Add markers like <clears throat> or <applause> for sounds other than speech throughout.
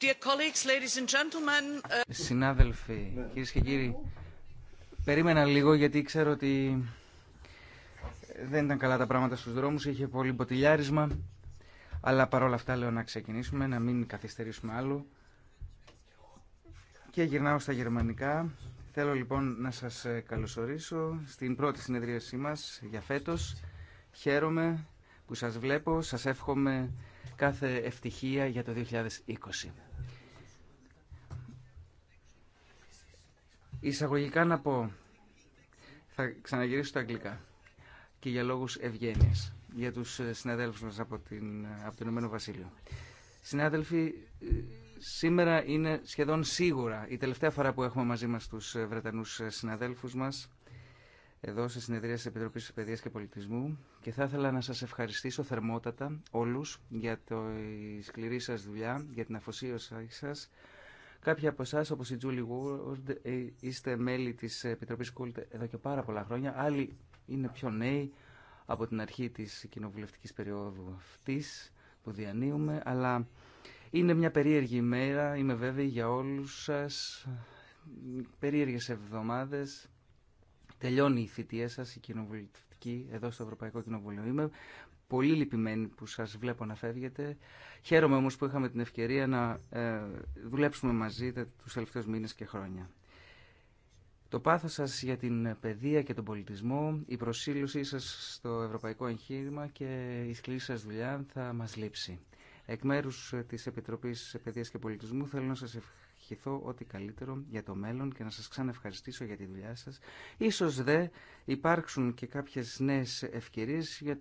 Uh, Συνάδελφοι, κύριε και κύριοι, περίμενα λίγο γιατί ξέρω ότι δεν ήταν καλά τα πράγματα στους δρόμους, είχε πολύ ποτηλιάρισμα, αλλά παρόλα αυτά λέω να ξεκινήσουμε, να μην καθυστερήσουμε άλλο. Και γυρνάω στα γερμανικά. Θέλω λοιπόν να σας ε, καλωσορίσω στην πρώτη συνεδρίασή μας για φέτος. Χαίρομαι που σας βλέπω, σας εύχομαι κάθε ευτυχία για το 2020. Εισαγωγικά να πω, θα ξαναγυρίσω στα αγγλικά και για λόγους ευγένεια για τους ε, συναδέλφους μας από, την, ε, από το Ηνωμένο Βασίλειο. Συνάδελφοι, ε, σήμερα είναι σχεδόν σίγουρα η τελευταία φορά που έχουμε μαζί μας τους Βρετανούς συναδέλφους μας εδώ σε συνεδρία της Επιτροπής Παιδείας και Πολιτισμού και θα ήθελα να σας ευχαριστήσω θερμότατα όλους για τη σκληρή σας δουλειά, για την αφοσίωσή σας Κάποιοι από εσά, όπω η Τζούλι Γουόρντ, ε, είστε μέλη τη Επιτροπή Κούλτ εδώ και πάρα πολλά χρόνια. Άλλοι είναι πιο νέοι από την αρχή τη κοινοβουλευτική περίοδου αυτή που διανύουμε. Αλλά είναι μια περίεργη ημέρα, είμαι βέβαιη για όλου σα. Περίεργε εβδομάδε. Τελειώνει η θητεία σα, η κοινοβουλευτική, εδώ στο Ευρωπαϊκό Κοινοβούλιο πολύ λυπημένη που σας βλέπω να φεύγετε. Χαίρομαι όμως που είχαμε την ευκαιρία να ε, δουλέψουμε μαζί τους τελευταίους μήνες και χρόνια. Το πάθος σας για την παιδεία και τον πολιτισμό, η προσήλωσή σας στο ευρωπαϊκό εγχείρημα και η σκληρή σας δουλειά θα μας λείψει. Εκ μέρου ε, τη Επιτροπή Παιδεία και Πολιτισμού θέλω να σα ευχηθώ ό,τι καλύτερο για το μέλλον και να σα ξαναευχαριστήσω για τη δουλειά σα. σω δε υπάρξουν και κάποιε νέε ευκαιρίε για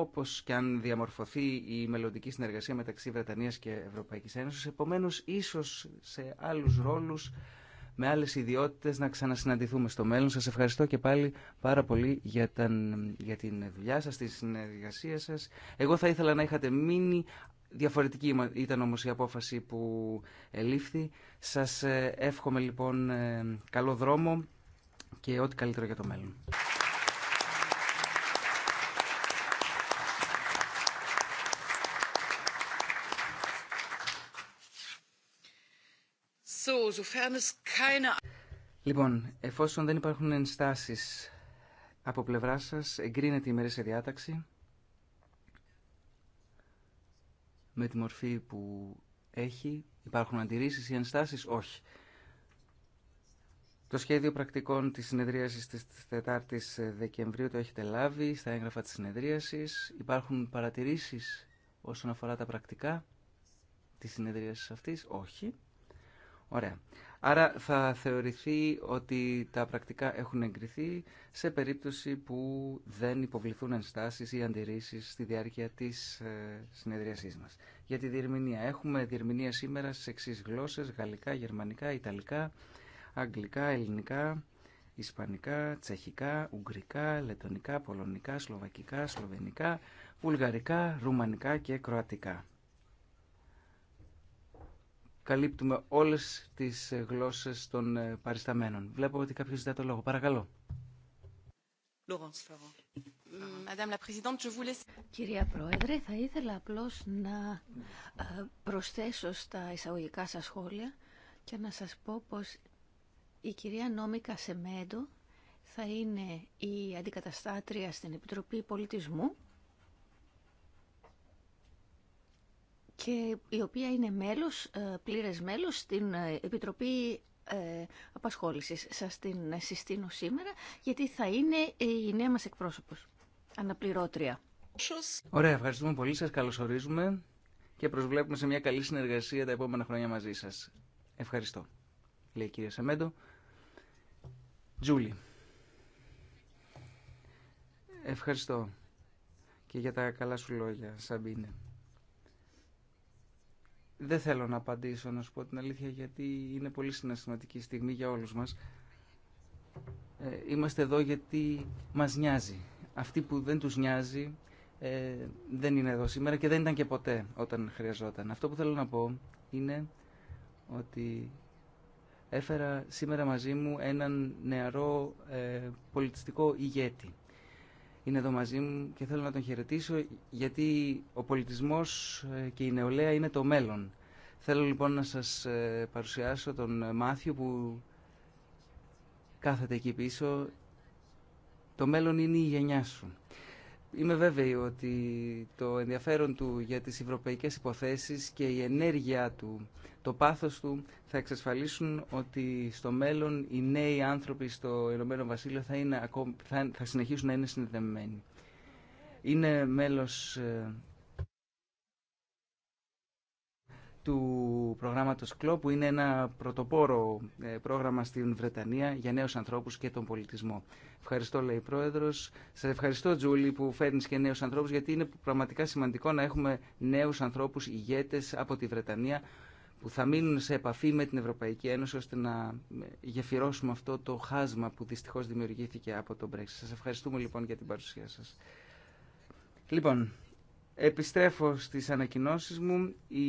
Όπω και αν διαμορφωθεί η μελλοντική συνεργασία μεταξύ Βρετανίας και Ευρωπαϊκής Ένωσης. επομένω ίσως σε άλλους ρόλους, με άλλες ιδιότητες, να ξανασυναντηθούμε στο μέλλον. Σας ευχαριστώ και πάλι πάρα πολύ για, την, για την δουλειά σας, τη συνεργασία σας. Εγώ θα ήθελα να είχατε μείνει. Διαφορετική ήταν όμως η απόφαση που ελήφθη. Σας ε, εύχομαι λοιπόν ε, καλό δρόμο και ό,τι καλύτερο για το μέλλον. Λοιπόν, εφόσον δεν υπάρχουν ενστάσεις από πλευρά σας, εγκρίνεται η σε διάταξη με τη μορφή που έχει. Υπάρχουν αντιρρήσεις ή ενστάσεις. Όχι. Το σχέδιο πρακτικών της συνεδρίασης της 4ης Δεκεμβρίου το έχετε λάβει στα έγγραφα της συνεδρίασης. Υπάρχουν παρατηρήσεις όσον αφορά τα πρακτικά της συνεδρίασης αυτής. Όχι. Ωραία. Άρα θα θεωρηθεί ότι τα πρακτικά έχουν εγκριθεί σε περίπτωση που δεν υποβληθούν ενστάσεις ή αντιρρήσεις στη διάρκεια της ε, συνεδρίασής μας. Για τη διερμηνία. Έχουμε διερμηνία σήμερα σε εξή γλώσσες, γαλλικά, γερμανικά, ιταλικά, αγγλικά, ελληνικά, ισπανικά, τσεχικά, ουγγρικά, λετονικά, πολωνικά, σλοβακικά, σλοβενικά, βουλγαρικά, ρουμανικά και κροατικά καλύπτουμε όλες τις γλώσσες των ε, παρισταμένων. Βλέπω ότι κάποιος ζητά το λόγο. Παρακαλώ. Mm, κυρία Πρόεδρε, θα ήθελα απλώς να ε, προσθέσω στα εισαγωγικά σας σχόλια και να σας πω πως η κυρία Νόμικα Σεμέντο θα είναι η αντικαταστάτρια στην Επιτροπή Πολιτισμού και η οποία είναι μέλος, ε, πλήρες μέλος στην ε, Επιτροπή ε, Απασχόλησης. Σας την συστήνω σήμερα γιατί θα είναι η νέα μας εκπρόσωπος, αναπληρώτρια. Ωραία, ευχαριστούμε πολύ. Σας καλωσορίζουμε και προσβλέπουμε σε μια καλή συνεργασία τα επόμενα χρόνια μαζί σας. Ευχαριστώ, λέει η κυρία Σεμέντο. Τζούλη. Ευχαριστώ και για τα καλά σου λόγια, Σαμπίνε. Δεν θέλω να απαντήσω, να σου πω την αλήθεια, γιατί είναι πολύ συναισθηματική στιγμή για όλους μας. Ε, είμαστε εδώ γιατί μας νοιάζει. Αυτοί που δεν τους νοιάζει ε, δεν είναι εδώ σήμερα και δεν ήταν και ποτέ όταν χρειαζόταν. Αυτό που θέλω να πω είναι ότι έφερα σήμερα μαζί μου έναν νεαρό ε, πολιτιστικό ηγέτη είναι εδώ μαζί μου και θέλω να τον χαιρετήσω γιατί ο πολιτισμός ε, και η νεολαία είναι το μέλλον. Θέλω λοιπόν να σας ε, παρουσιάσω τον Μάθιο που κάθεται εκεί πίσω. Το μέλλον είναι η γενιά σου. Είμαι βέβαιη ότι το ενδιαφέρον του για τις ευρωπαϊκές υποθέσεις και η ενέργεια του, το πάθος του θα εξασφαλίσουν ότι στο μέλλον οι νέοι άνθρωποι στο Ηνωμένο Βασίλειο θα, είναι, θα συνεχίσουν να είναι συνδεδεμένοι. Είναι μέλος ε, του προγράμματος ΚΛΟ που είναι ένα πρωτοπόρο ε, πρόγραμμα στην Βρετανία για νέους ανθρώπους και τον πολιτισμό. Ευχαριστώ λέει Πρόεδρος. Σας ευχαριστώ Τζούλη που φέρνεις και νέους ανθρώπους γιατί είναι πραγματικά σημαντικό να έχουμε νέους ανθρώπους ηγέτες από τη Βρετανία που θα μείνουν σε επαφή με την Ευρωπαϊκή Ένωση ώστε να ε, γεφυρώσουμε αυτό το χάσμα που δυστυχώς δημιουργήθηκε από τον Brexit. Σας ευχαριστούμε λοιπόν για την παρουσία σας. Λοιπόν, Επιστρέφω στις ανακοινώσεις μου. Η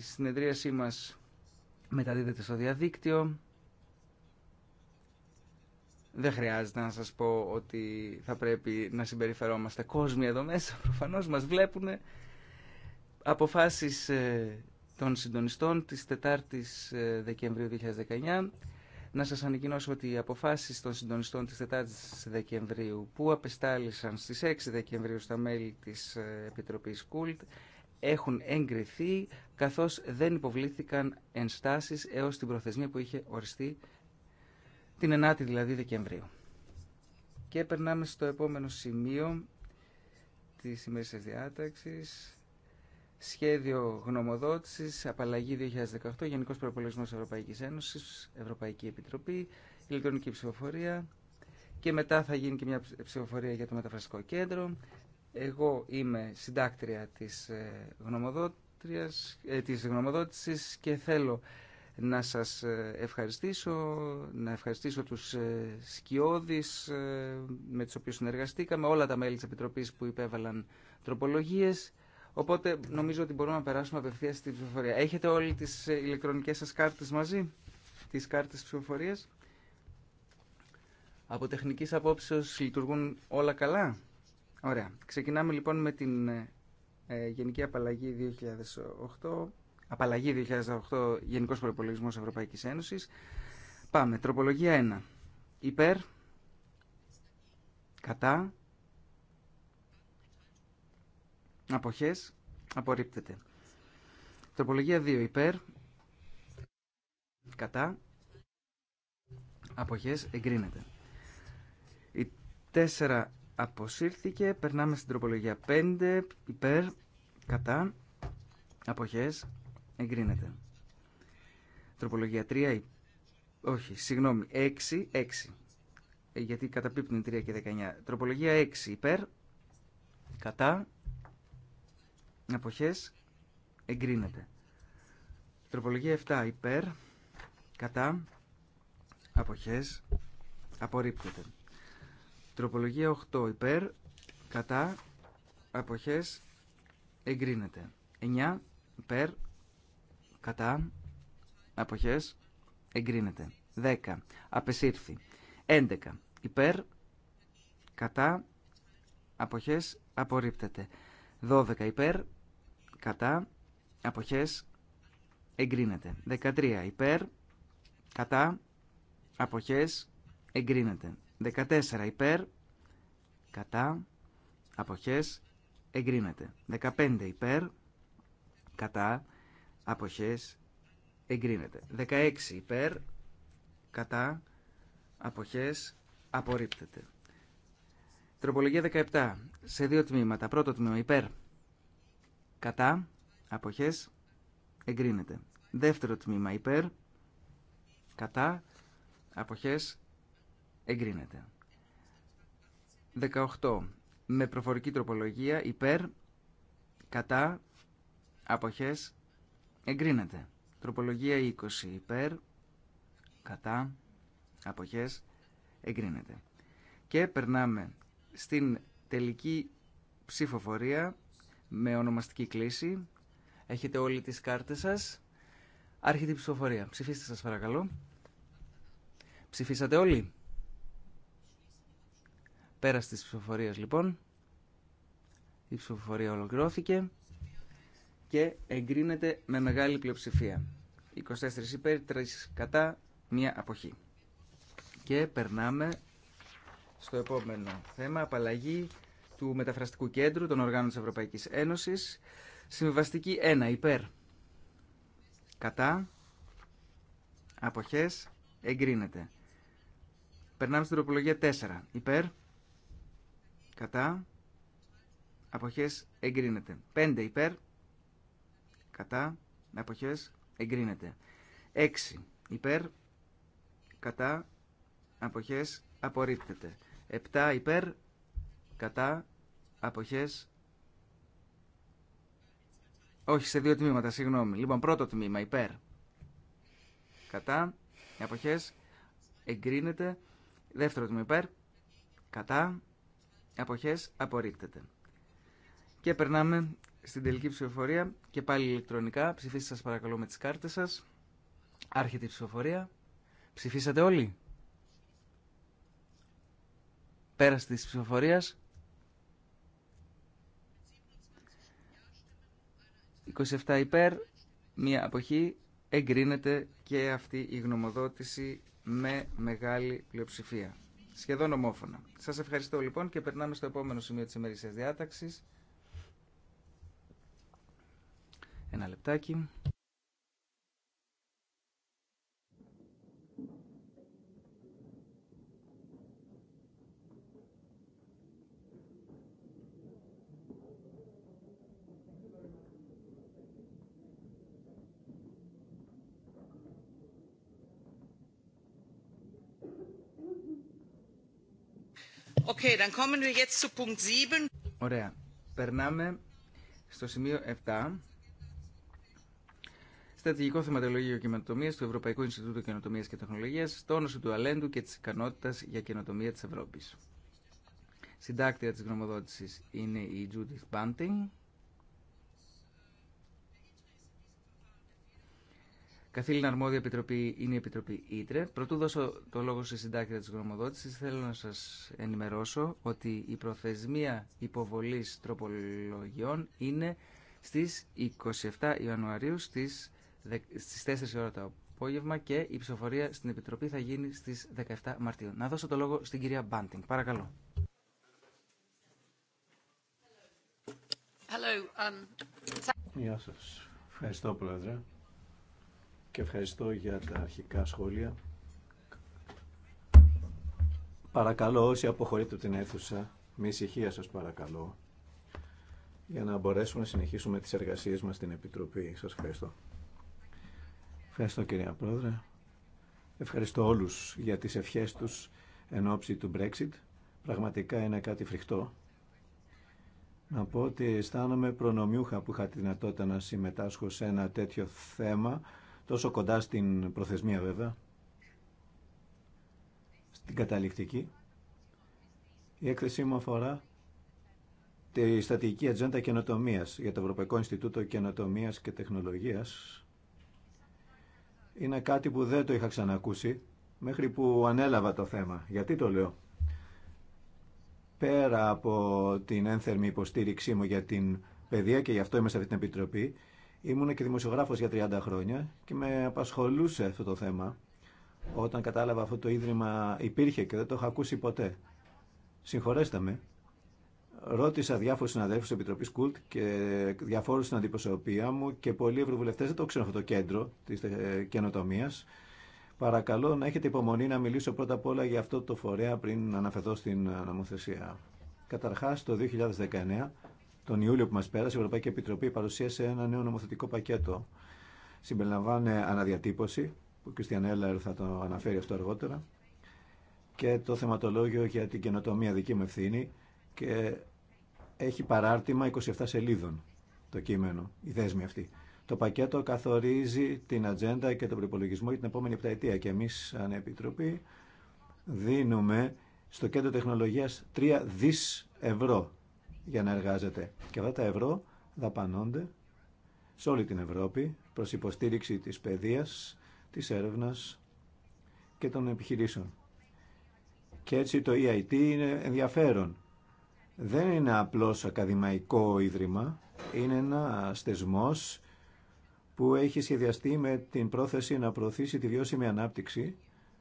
συνεδρίασή μας μεταδίδεται στο διαδίκτυο. Δεν χρειάζεται να σας πω ότι θα πρέπει να συμπεριφερόμαστε κόσμοι εδώ μέσα. Προφανώς μας βλέπουν αποφάσεις ε, των συντονιστών της 4ης ε, Δεκεμβρίου 2019 να σας ανακοινώσω ότι οι αποφάσεις των συντονιστών της 4ης Δεκεμβρίου που απεστάλησαν στις 6 Δεκεμβρίου στα μέλη της ε, Επιτροπής Κούλτ έχουν εγκριθεί καθώς δεν υποβλήθηκαν ενστάσεις έως την προθεσμία που είχε οριστεί την 9η δηλαδή Δεκεμβρίου. Και περνάμε στο επόμενο σημείο της ημέρας διάταξης Σχέδιο γνωμοδότησης, απαλλαγή 2018, Γενικός Προπολογισμός Ευρωπαϊκής Ένωσης, Ευρωπαϊκή Επιτροπή, ηλεκτρονική ψηφοφορία και μετά θα γίνει και μια ψηφοφορία για το Μεταφραστικό Κέντρο. Εγώ είμαι συντάκτρια της, ε, γνωμοδότηση ε, της γνωμοδότησης και θέλω να σας ε, ευχαριστήσω, να ευχαριστήσω τους σκιώδεις με τους οποίους συνεργαστήκαμε, όλα τα μέλη της Επιτροπής που υπέβαλαν τροπολογίες Οπότε νομίζω ότι μπορούμε να περάσουμε απευθεία στην ψηφοφορία. Έχετε όλοι τις ε, ηλεκτρονικές σας κάρτες μαζί, τις κάρτες ψηφοφορία. Από τεχνική απόψεως λειτουργούν όλα καλά. Ωραία. Ξεκινάμε λοιπόν με την ε, ε Γενική Απαλλαγή 2008, Απαλλαγή 2008 Γενικός Προϋπολογισμός Ευρωπαϊκής Ένωσης. Πάμε. Τροπολογία 1. Υπέρ. Κατά. Αποχές. Απορρίπτεται. Τροπολογία 2. Υπέρ. Κατά. Αποχές. Εγκρίνεται. Η 4 αποσύρθηκε. Περνάμε στην τροπολογία 5. Υπέρ. Κατά. Αποχές. Εγκρίνεται. Τροπολογία 3. Όχι, συγγνώμη. 6. 6. Ε, γιατί καταπίπτουν 3 και 19. Τροπολογία 6. Υπέρ. Κατά αποχές εγκρίνεται. Τροπολογία 7 υπέρ, κατά, αποχές απορρίπτεται. Τροπολογία 8 υπέρ, κατά, αποχές εγκρίνεται. 9 υπέρ, κατά, αποχές εγκρίνεται. 10 απεσύρθη. 11 υπέρ, κατά, αποχές απορρίπτεται. 12 υπέρ, κατά, αποχές, εγκρίνεται. 13 υπέρ, κατά, αποχές, εγκρίνεται. 14 υπέρ, κατά, αποχές, εγκρίνεται. 15 υπέρ, κατά, αποχές, εγκρίνεται. 16 υπέρ, κατά, αποχές, απορρίπτεται. Τροπολογία 17. Σε δύο τμήματα. Πρώτο τμήμα υπέρ, κατά, αποχές, εγκρίνεται. Δεύτερο τμήμα υπέρ, κατά, αποχές, εγκρίνεται. 18. Με προφορική τροπολογία υπέρ, κατά, αποχές, εγκρίνεται. Τροπολογία 20 υπέρ, κατά, αποχές, εγκρίνεται. Και περνάμε στην τελική ψηφοφορία με ονομαστική κλίση. Έχετε όλοι τις κάρτες σας. Άρχεται η ψηφοφορία. Ψηφίστε σας παρακαλώ. Ψηφίσατε όλοι. Πέρα της ψηφοφορία λοιπόν. Η ψηφοφορία ολοκληρώθηκε και εγκρίνεται με μεγάλη πλειοψηφία. 24 υπέρ, 3 κατά, μία αποχή. Και περνάμε στο επόμενο θέμα, απαλλαγή του Μεταφραστικού Κέντρου των Οργάνων της Ευρωπαϊκής Ένωσης. Ένωση. 1 υπέρ. Κατά. Αποχές. Εγκρίνεται. Περνάμε στην τροπολογία 4. Υπέρ. Κατά. Αποχές. Εγκρίνεται. 5 υπέρ. Κατά. Αποχές. Εγκρίνεται. 6 υπέρ. Κατά. Αποχές. Απορρίπτεται. 7 υπέρ κατά, αποχές, όχι σε δύο τμήματα, συγγνώμη. Λοιπόν, πρώτο τμήμα, υπέρ, κατά, αποχές, εγκρίνεται, δεύτερο τμήμα υπέρ, κατά, αποχές, απορρίπτεται. Και περνάμε στην τελική ψηφοφορία και πάλι ηλεκτρονικά. Ψηφίστε σας παρακαλώ με τις κάρτες σας. Άρχεται η ψηφοφορία. Ψηφίσατε όλοι. Πέρας της ψηφοφορίας. 27 υπέρ, μία αποχή, εγκρίνεται και αυτή η γνωμοδότηση με μεγάλη πλειοψηφία. Σχεδόν ομόφωνα. Σας ευχαριστώ λοιπόν και περνάμε στο επόμενο σημείο της ημερήσιας διάταξης. Ένα λεπτάκι. Ωραία. Περνάμε στο σημείο 7. Στρατηγικό θεματολογίο καινοτομία του Ευρωπαϊκού Ινστιτούτου Καινοτομία και Τεχνολογία, τόνωση του αλέντου και τη ικανότητα για καινοτομία τη Ευρώπη. Συντάκτρια τη γνωμοδότηση είναι η Judith Bunting. Καθήλυνα αρμόδια επιτροπή είναι η Επιτροπή Ήτρε. Πρωτού δώσω το λόγο σε συντάκτρια της γνωμοδότηση, θέλω να σας ενημερώσω ότι η προθεσμία υποβολής τροπολογιών είναι στις 27 Ιανουαρίου στις 4 ώρα το απόγευμα και η ψηφοφορία στην Επιτροπή θα γίνει στις 17 Μαρτίου. Να δώσω το λόγο στην κυρία Μπάντινγκ. Παρακαλώ. Hello, um... Γεια σας. Ευχαριστώ, Πρόεδρε και ευχαριστώ για τα αρχικά σχόλια. Παρακαλώ όσοι αποχωρείτε την αίθουσα, με ησυχία σας παρακαλώ, για να μπορέσουμε να συνεχίσουμε τις εργασίες μας στην Επιτροπή. Σας ευχαριστώ. Ευχαριστώ κυρία Πρόεδρε. Ευχαριστώ όλους για τις ευχές τους εν ώψη του Brexit. Πραγματικά είναι κάτι φρικτό. Να πω ότι αισθάνομαι προνομιούχα που είχα τη δυνατότητα να συμμετάσχω σε ένα τέτοιο θέμα τόσο κοντά στην προθεσμία βέβαια, στην καταληκτική. Η έκθεσή μου αφορά τη στατική ατζέντα καινοτομία για το Ευρωπαϊκό Ινστιτούτο Καινοτομία και Τεχνολογία. Είναι κάτι που δεν το είχα ξανακούσει μέχρι που ανέλαβα το θέμα. Γιατί το λέω. Πέρα από την ένθερμη υποστήριξή μου για την παιδεία και γι' αυτό είμαι σε αυτή την επιτροπή, Ήμουν και δημοσιογράφος για 30 χρόνια και με απασχολούσε αυτό το θέμα όταν κατάλαβα αυτό το ίδρυμα υπήρχε και δεν το είχα ακούσει ποτέ. Συγχωρέστε με. Ρώτησα διάφορου συναδέλφου τη Επιτροπή Κουλτ και διαφόρου στην αντιπροσωπεία μου και πολλοί ευρωβουλευτέ δεν το ξέρουν αυτό το κέντρο τη ε, καινοτομία. Παρακαλώ να έχετε υπομονή να μιλήσω πρώτα απ' όλα για αυτό το φορέα πριν αναφερθώ στην ε, νομοθεσία. Καταρχά, το 2019 τον Ιούλιο που μας πέρασε, η Ευρωπαϊκή Επιτροπή παρουσίασε ένα νέο νομοθετικό πακέτο. Συμπεριλαμβάνει αναδιατύπωση, που ο Κριστιαν Έλλαρ θα το αναφέρει αυτό αργότερα, και το θεματολόγιο για την καινοτομία δική μου ευθύνη και έχει παράρτημα 27 σελίδων το κείμενο, η δέσμη αυτή. Το πακέτο καθορίζει την ατζέντα και τον προπολογισμό για την επόμενη επταετία και εμείς σαν Επιτροπή δίνουμε στο κέντρο τεχνολογίας 3 δις ευρώ για να εργάζεται. Και αυτά τα ευρώ δαπανώνται σε όλη την Ευρώπη προς υποστήριξη της παιδείας, της έρευνας και των επιχειρήσεων. Και έτσι το EIT είναι ενδιαφέρον. Δεν είναι απλώς ακαδημαϊκό ίδρυμα, είναι ένα στεσμός που έχει σχεδιαστεί με την πρόθεση να προωθήσει τη βιώσιμη ανάπτυξη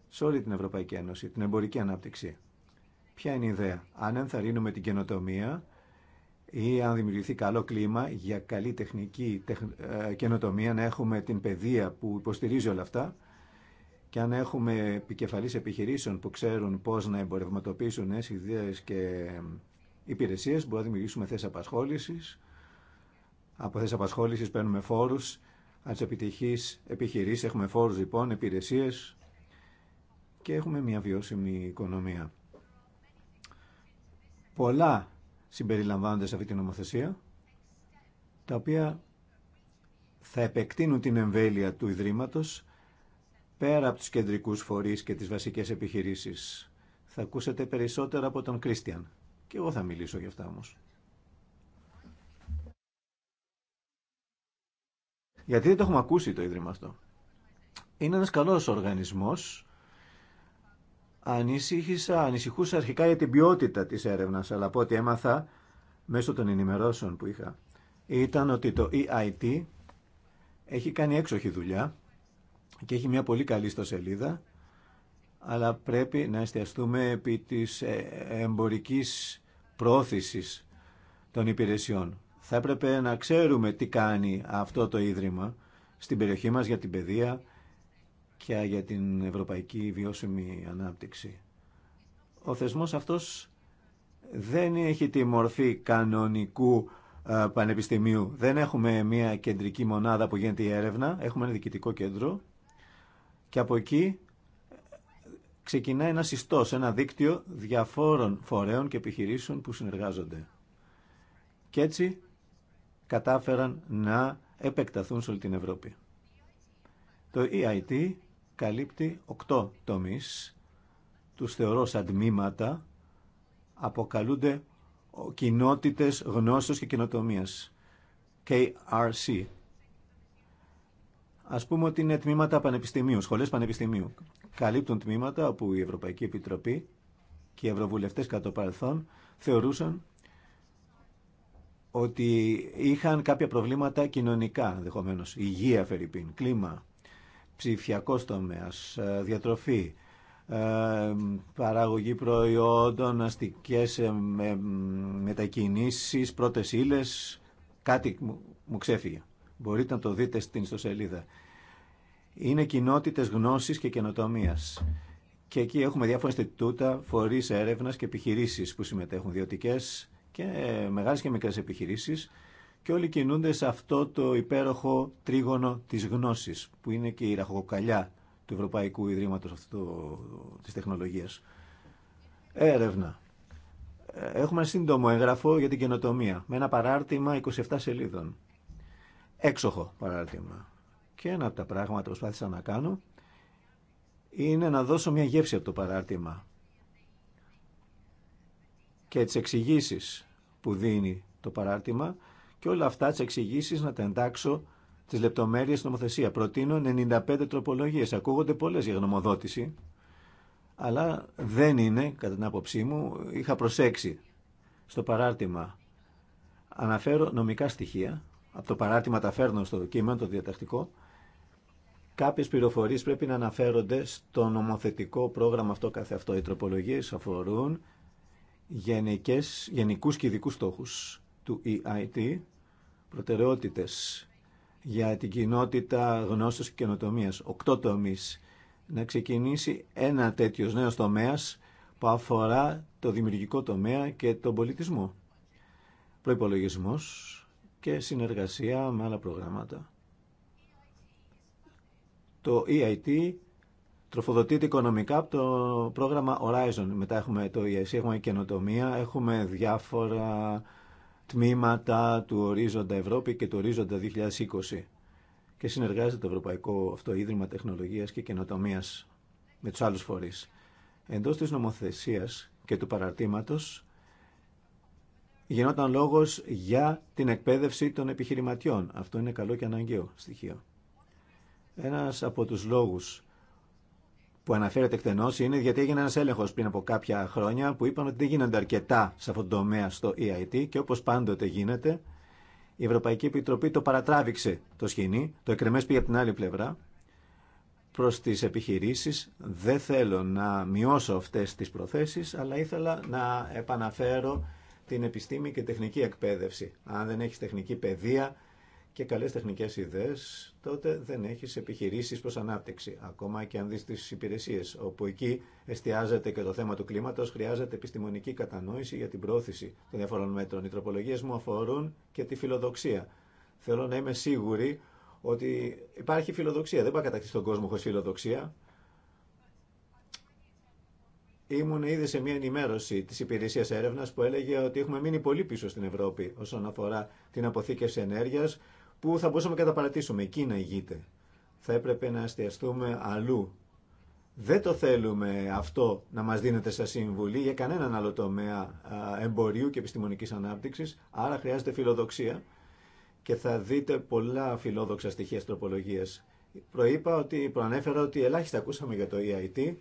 σε όλη την Ευρωπαϊκή Ένωση, την εμπορική ανάπτυξη. Ποια είναι η ιδέα. Αν ενθαρρύνουμε την καινοτομία, ή αν δημιουργηθεί καλό κλίμα για καλή τεχνική ε, καινοτομία, να έχουμε την παιδεία που υποστηρίζει όλα αυτά και αν έχουμε επικεφαλή επιχειρήσεων που ξέρουν πώς να εμπορευματοποιήσουν νέες ιδέες και υπηρεσίες, μπορούμε να δημιουργήσουμε θέσεις απασχόλησης. Από θέσεις απασχόλησης παίρνουμε φόρους, αν τι επιτυχείς επιχειρήσεις έχουμε φόρους λοιπόν, υπηρεσίες και έχουμε μια βιώσιμη οικονομία. Πολλά συμπεριλαμβάνονται αυτή την νομοθεσία, τα οποία θα επεκτείνουν την εμβέλεια του Ιδρύματος πέρα από τους κεντρικούς φορείς και τις βασικές επιχειρήσεις. Θα ακούσετε περισσότερα από τον Κρίστιαν. Και εγώ θα μιλήσω γι' αυτά όμως. Γιατί δεν το έχουμε ακούσει το Ίδρυμα αυτό. Είναι ένας καλός οργανισμός Ανησύχησα, ανησυχούσα αρχικά για την ποιότητα της έρευνας, αλλά από ό,τι έμαθα μέσω των ενημερώσεων που είχα, ήταν ότι το EIT έχει κάνει έξοχη δουλειά και έχει μια πολύ καλή ιστοσελίδα, αλλά πρέπει να εστιαστούμε επί της ε, εμπορικής πρόθεσης των υπηρεσιών. Θα έπρεπε να ξέρουμε τι κάνει αυτό το Ίδρυμα στην περιοχή μας για την παιδεία, πια για την ευρωπαϊκή βιώσιμη ανάπτυξη. Ο θεσμός αυτός δεν έχει τη μορφή κανονικού ε, πανεπιστημίου. Δεν έχουμε μια κεντρική μονάδα που γίνεται η έρευνα, έχουμε ένα διοικητικό κέντρο και από εκεί ε, ξεκινά ένα συστός, ένα δίκτυο διαφόρων φορέων και επιχειρήσεων που συνεργάζονται. Και έτσι κατάφεραν να επεκταθούν σε όλη την Ευρώπη. Το EIT καλύπτει οκτώ τομείς. Τους θεωρώ σαν τμήματα, αποκαλούνται κοινότητες γνώσεως και κοινοτομίας. KRC. Ας πούμε ότι είναι τμήματα πανεπιστημίου, σχολές πανεπιστημίου. Καλύπτουν τμήματα όπου η Ευρωπαϊκή Επιτροπή και οι Ευρωβουλευτές κατά το παρελθόν θεωρούσαν ότι είχαν κάποια προβλήματα κοινωνικά, ενδεχομένω. Υγεία, Φερρυπίν, κλίμα, ψηφιακό τομέα, ε, διατροφή, ε, παραγωγή προϊόντων, αστικέ ε, μετακινήσεις, πρώτε ύλε. κάτι μου ξέφυγε. Μπορείτε να το δείτε στην ιστοσελίδα. Είναι κοινότητε γνώσης και καινοτομία. Και εκεί έχουμε διάφορα Ινστιτούτα, φορείς έρευνας και επιχειρήσει που συμμετέχουν, ιδιωτικέ και μεγάλες και μικρές επιχειρήσει και όλοι κινούνται σε αυτό το υπέροχο τρίγωνο της γνώσης που είναι και η ραχοκοκαλιά του Ευρωπαϊκού Ιδρύματος αυτού, της τεχνολογίας. Έρευνα. Έχουμε ένα σύντομο έγγραφο για την καινοτομία με ένα παράρτημα 27 σελίδων. Έξοχο παράρτημα. Και ένα από τα πράγματα που προσπάθησα να κάνω είναι να δώσω μια γεύση από το παράρτημα και τις εξηγήσει που δίνει το παράρτημα και όλα αυτά τι εξηγήσει να τα εντάξω τι λεπτομέρειε στην νομοθεσία. Προτείνω 95 τροπολογίε. Ακούγονται πολλέ για γνωμοδότηση, αλλά δεν είναι, κατά την άποψή μου, είχα προσέξει στο παράρτημα. Αναφέρω νομικά στοιχεία. Από το παράρτημα τα φέρνω στο κείμενο, το διατακτικό. Κάποιε πληροφορίε πρέπει να αναφέρονται στο νομοθετικό πρόγραμμα αυτό καθεαυτό. αυτό. Οι τροπολογίε αφορούν γενικού γενικούς και ειδικού στόχου του EIT, προτεραιότητες για την κοινότητα γνώσης και καινοτομίας. Οκτώ τομείς. Να ξεκινήσει ένα τέτοιο νέο τομέα που αφορά το δημιουργικό τομέα και τον πολιτισμό. Προπολογισμό και συνεργασία με άλλα προγράμματα. Το EIT τροφοδοτείται οικονομικά από το πρόγραμμα Horizon. Μετά έχουμε το EIC, έχουμε καινοτομία, έχουμε διάφορα τμήματα του Ορίζοντα Ευρώπη και του Ορίζοντα 2020 και συνεργάζεται το Ευρωπαϊκό Αυτό Ίδρυμα Τεχνολογίας και Καινοτομίας με τους άλλους φορείς. Εντός της νομοθεσίας και του παραρτήματος γινόταν λόγος για την εκπαίδευση των επιχειρηματιών. Αυτό είναι καλό και αναγκαίο στοιχείο. Ένας από τους λόγους που αναφέρεται εκτενώς είναι γιατί έγινε ένα έλεγχο πριν από κάποια χρόνια που είπαν ότι δεν γίνονται αρκετά σε αυτόν τον τομέα στο EIT και όπως πάντοτε γίνεται η Ευρωπαϊκή Επιτροπή το παρατράβηξε το σκηνή, το εκρεμές πήγε από την άλλη πλευρά προς τις επιχειρήσεις. Δεν θέλω να μειώσω αυτές τις προθέσεις, αλλά ήθελα να επαναφέρω την επιστήμη και τεχνική εκπαίδευση. Αν δεν έχει τεχνική παιδεία, και καλές τεχνικές ιδέες, τότε δεν έχεις επιχειρήσεις προς ανάπτυξη. Ακόμα και αν δεις τις υπηρεσίες, όπου εκεί εστιάζεται και το θέμα του κλίματος, χρειάζεται επιστημονική κατανόηση για την πρόθεση των διαφορών μέτρων. Οι τροπολογίες μου αφορούν και τη φιλοδοξία. Θέλω να είμαι σίγουρη ότι υπάρχει φιλοδοξία. Δεν πάει κατακτήσει τον κόσμο χωρίς φιλοδοξία. Ήμουν ήδη σε μια ενημέρωση τη υπηρεσία έρευνα που έλεγε ότι έχουμε μείνει πολύ πίσω στην Ευρώπη όσον αφορά την αποθήκευση ενέργεια, που θα μπορούσαμε να καταπαρατήσουμε. Εκεί να ηγείται. Θα έπρεπε να αστιαστούμε αλλού. Δεν το θέλουμε αυτό να μας δίνεται σαν συμβουλή για κανέναν άλλο τομέα εμπορίου και επιστημονικής ανάπτυξης, άρα χρειάζεται φιλοδοξία και θα δείτε πολλά φιλόδοξα στοιχεία στις Προείπα ότι, προανέφερα ότι ελάχιστα ακούσαμε για το EIT.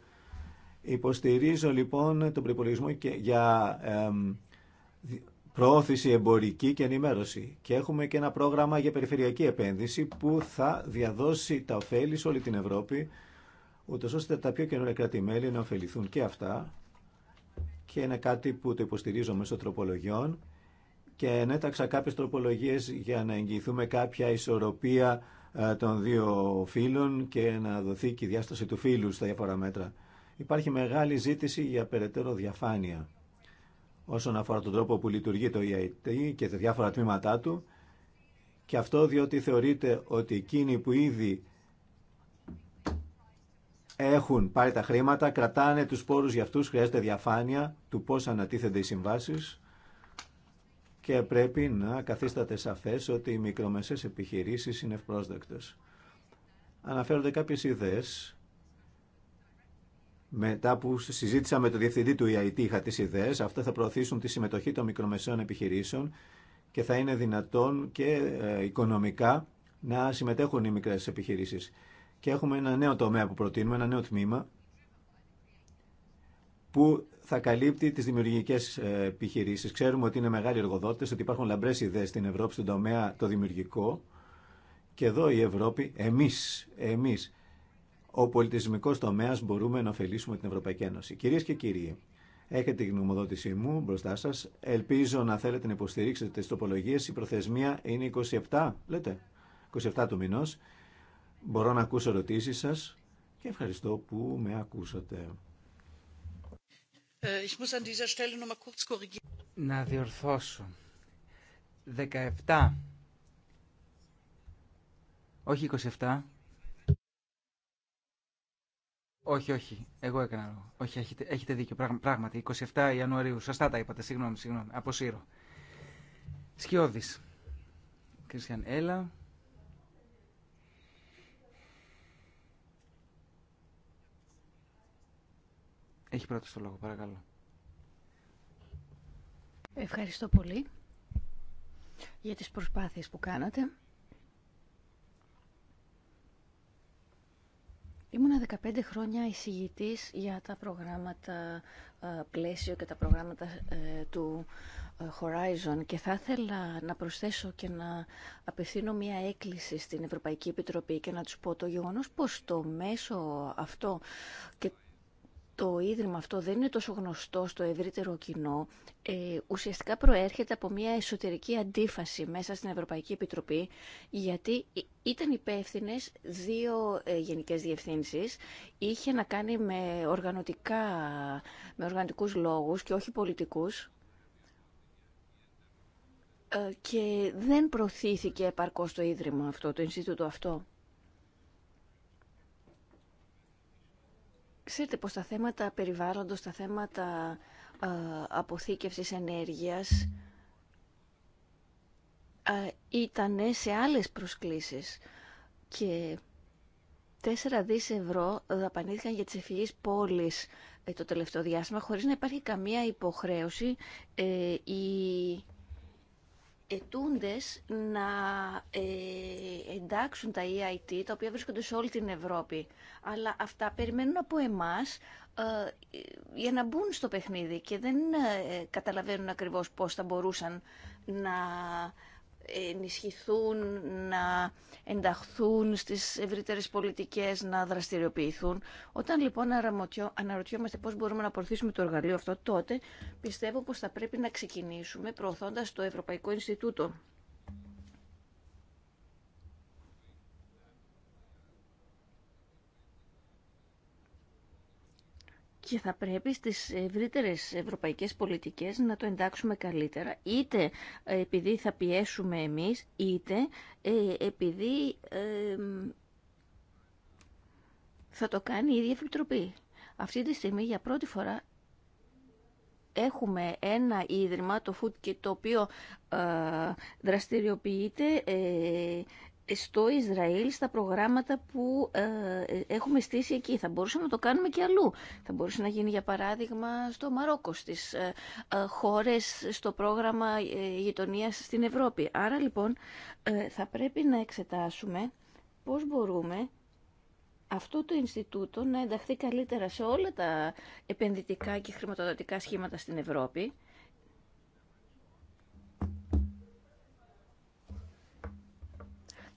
Υποστηρίζω λοιπόν τον προπολογισμό για προώθηση εμπορική και ενημέρωση. Και έχουμε και ένα πρόγραμμα για περιφερειακή επένδυση που θα διαδώσει τα ωφέλη σε όλη την Ευρώπη, ούτω ώστε τα πιο καινούργια κράτη-μέλη να ωφεληθούν και αυτά. Και είναι κάτι που το υποστηρίζω μέσω τροπολογιών. Και ενέταξα κάποιε τροπολογίες για να εγγυηθούμε κάποια ισορροπία ε, των δύο φύλων και να δοθεί και η διάσταση του φύλου στα διάφορα μέτρα. Υπάρχει μεγάλη ζήτηση για περαιτέρω διαφάνεια όσον αφορά τον τρόπο που λειτουργεί το EIT και τα διάφορα τμήματά του και αυτό διότι θεωρείται ότι εκείνοι που ήδη έχουν πάρει τα χρήματα, κρατάνε τους πόρους για αυτούς, χρειάζεται διαφάνεια του πώς ανατίθενται οι συμβάσεις και πρέπει να καθίσταται σαφές ότι οι μικρομεσαίες επιχειρήσεις είναι ευπρόσδεκτες. Αναφέρονται κάποιες ιδέες μετά που συζήτησα με το διευθυντή του EIT, είχα τι ιδέε. Αυτά θα προωθήσουν τη συμμετοχή των μικρομεσαίων επιχειρήσεων και θα είναι δυνατόν και ε, οικονομικά να συμμετέχουν οι μικρέ επιχειρήσει. Και έχουμε ένα νέο τομέα που προτείνουμε, ένα νέο τμήμα που θα καλύπτει τι δημιουργικέ ε, επιχειρήσει. Ξέρουμε ότι είναι μεγάλοι εργοδότε, ότι υπάρχουν λαμπρέ ιδέε στην Ευρώπη στον τομέα το δημιουργικό. Και εδώ η Ευρώπη, εμεί, εμείς ο πολιτισμικός τομέας μπορούμε να ωφελήσουμε την Ευρωπαϊκή Ένωση. Κυρίες και κύριοι, έχετε τη γνωμοδότησή μου μπροστά σα. Ελπίζω να θέλετε να υποστηρίξετε τι τοπολογίε. Η προθεσμία είναι 27, λέτε, 27 του μηνό Μπορώ να ακούσω ερωτήσει σας και ευχαριστώ που με ακούσατε. Ε, να διορθώσω. 17. Όχι 27. Όχι, όχι. Εγώ έκανα λόγο. Όχι, έχετε, έχετε δίκιο. Πράγμα, πράγματι, 27 Ιανουαρίου. Σωστά τα είπατε. Συγγνώμη, συγγνώμη. Αποσύρω. Σκιώδη. Κριστιαν Έλα. Έχει πρώτο το λόγο, παρακαλώ. Ευχαριστώ πολύ για τις προσπάθειες που κάνατε. Ήμουνα 15 χρόνια εισηγητής για τα προγράμματα ε, πλαίσιο και τα προγράμματα ε, του ε, Horizon και θα ήθελα να προσθέσω και να απευθύνω μια έκκληση στην Ευρωπαϊκή Επιτροπή και να τους πω το γεγονός πως το μέσο αυτό και το ίδρυμα αυτό δεν είναι τόσο γνωστό στο ευρύτερο κοινό, ε, ουσιαστικά προέρχεται από μια εσωτερική αντίφαση μέσα στην Ευρωπαϊκή Επιτροπή, γιατί ήταν υπεύθυνε δύο ε, γενικές διευθύνσεις, είχε να κάνει με, οργανωτικά, με οργανωτικούς λόγους και όχι πολιτικούς, ε, και δεν προωθήθηκε επαρκώς το ίδρυμα αυτό, το Ινστιτούτο αυτό. Ξέρετε πως τα θέματα περιβάλλοντος, τα θέματα ε, αποθήκευσης ενέργειας ε, ήταν σε άλλες προσκλήσεις και 4 δις ευρώ δαπανήθηκαν για τις ευφυγείς πόλεις ε, το τελευταίο διάστημα χωρίς να υπάρχει καμία υποχρέωση ετούντες να ε, εντάξουν τα EIT, ε τα οποία βρίσκονται σε όλη την Ευρώπη. Αλλά αυτά περιμένουν από εμάς ε, για να μπουν στο παιχνίδι και δεν καταλαβαίνουν ακριβώς πώς θα μπορούσαν να ενισχυθούν, να ενταχθούν στις ευρύτερες πολιτικές, να δραστηριοποιηθούν. Όταν λοιπόν αναρωτιόμαστε πώς μπορούμε να προωθήσουμε το εργαλείο αυτό, τότε πιστεύω πως θα πρέπει να ξεκινήσουμε προωθώντας το Ευρωπαϊκό Ινστιτούτο και θα πρέπει στις ευρύτερε ευρωπαϊκές πολιτικές να το εντάξουμε καλύτερα. Είτε ε, επειδή θα πιέσουμε εμείς, είτε ε, επειδή θα το κάνει η ίδια Επιτροπή. Αυτή τη στιγμή για πρώτη φορά έχουμε ένα ίδρυμα, το και το οποίο ε, δραστηριοποιείται στο Ισραήλ στα προγράμματα που ε, ε, έχουμε στήσει εκεί. Θα μπορούσαμε να το κάνουμε και αλλού. Θα μπορούσε να γίνει, για παράδειγμα, στο Μαρόκο, στις ε, χώρες, στο πρόγραμμα γειτονία στην Ευρώπη. Άρα, λοιπόν, θα πρέπει να εξετάσουμε πώς μπορούμε αυτό το Ινστιτούτο να ενταχθεί καλύτερα σε όλα τα επενδυτικά και χρηματοδοτικά σχήματα στην Ευρώπη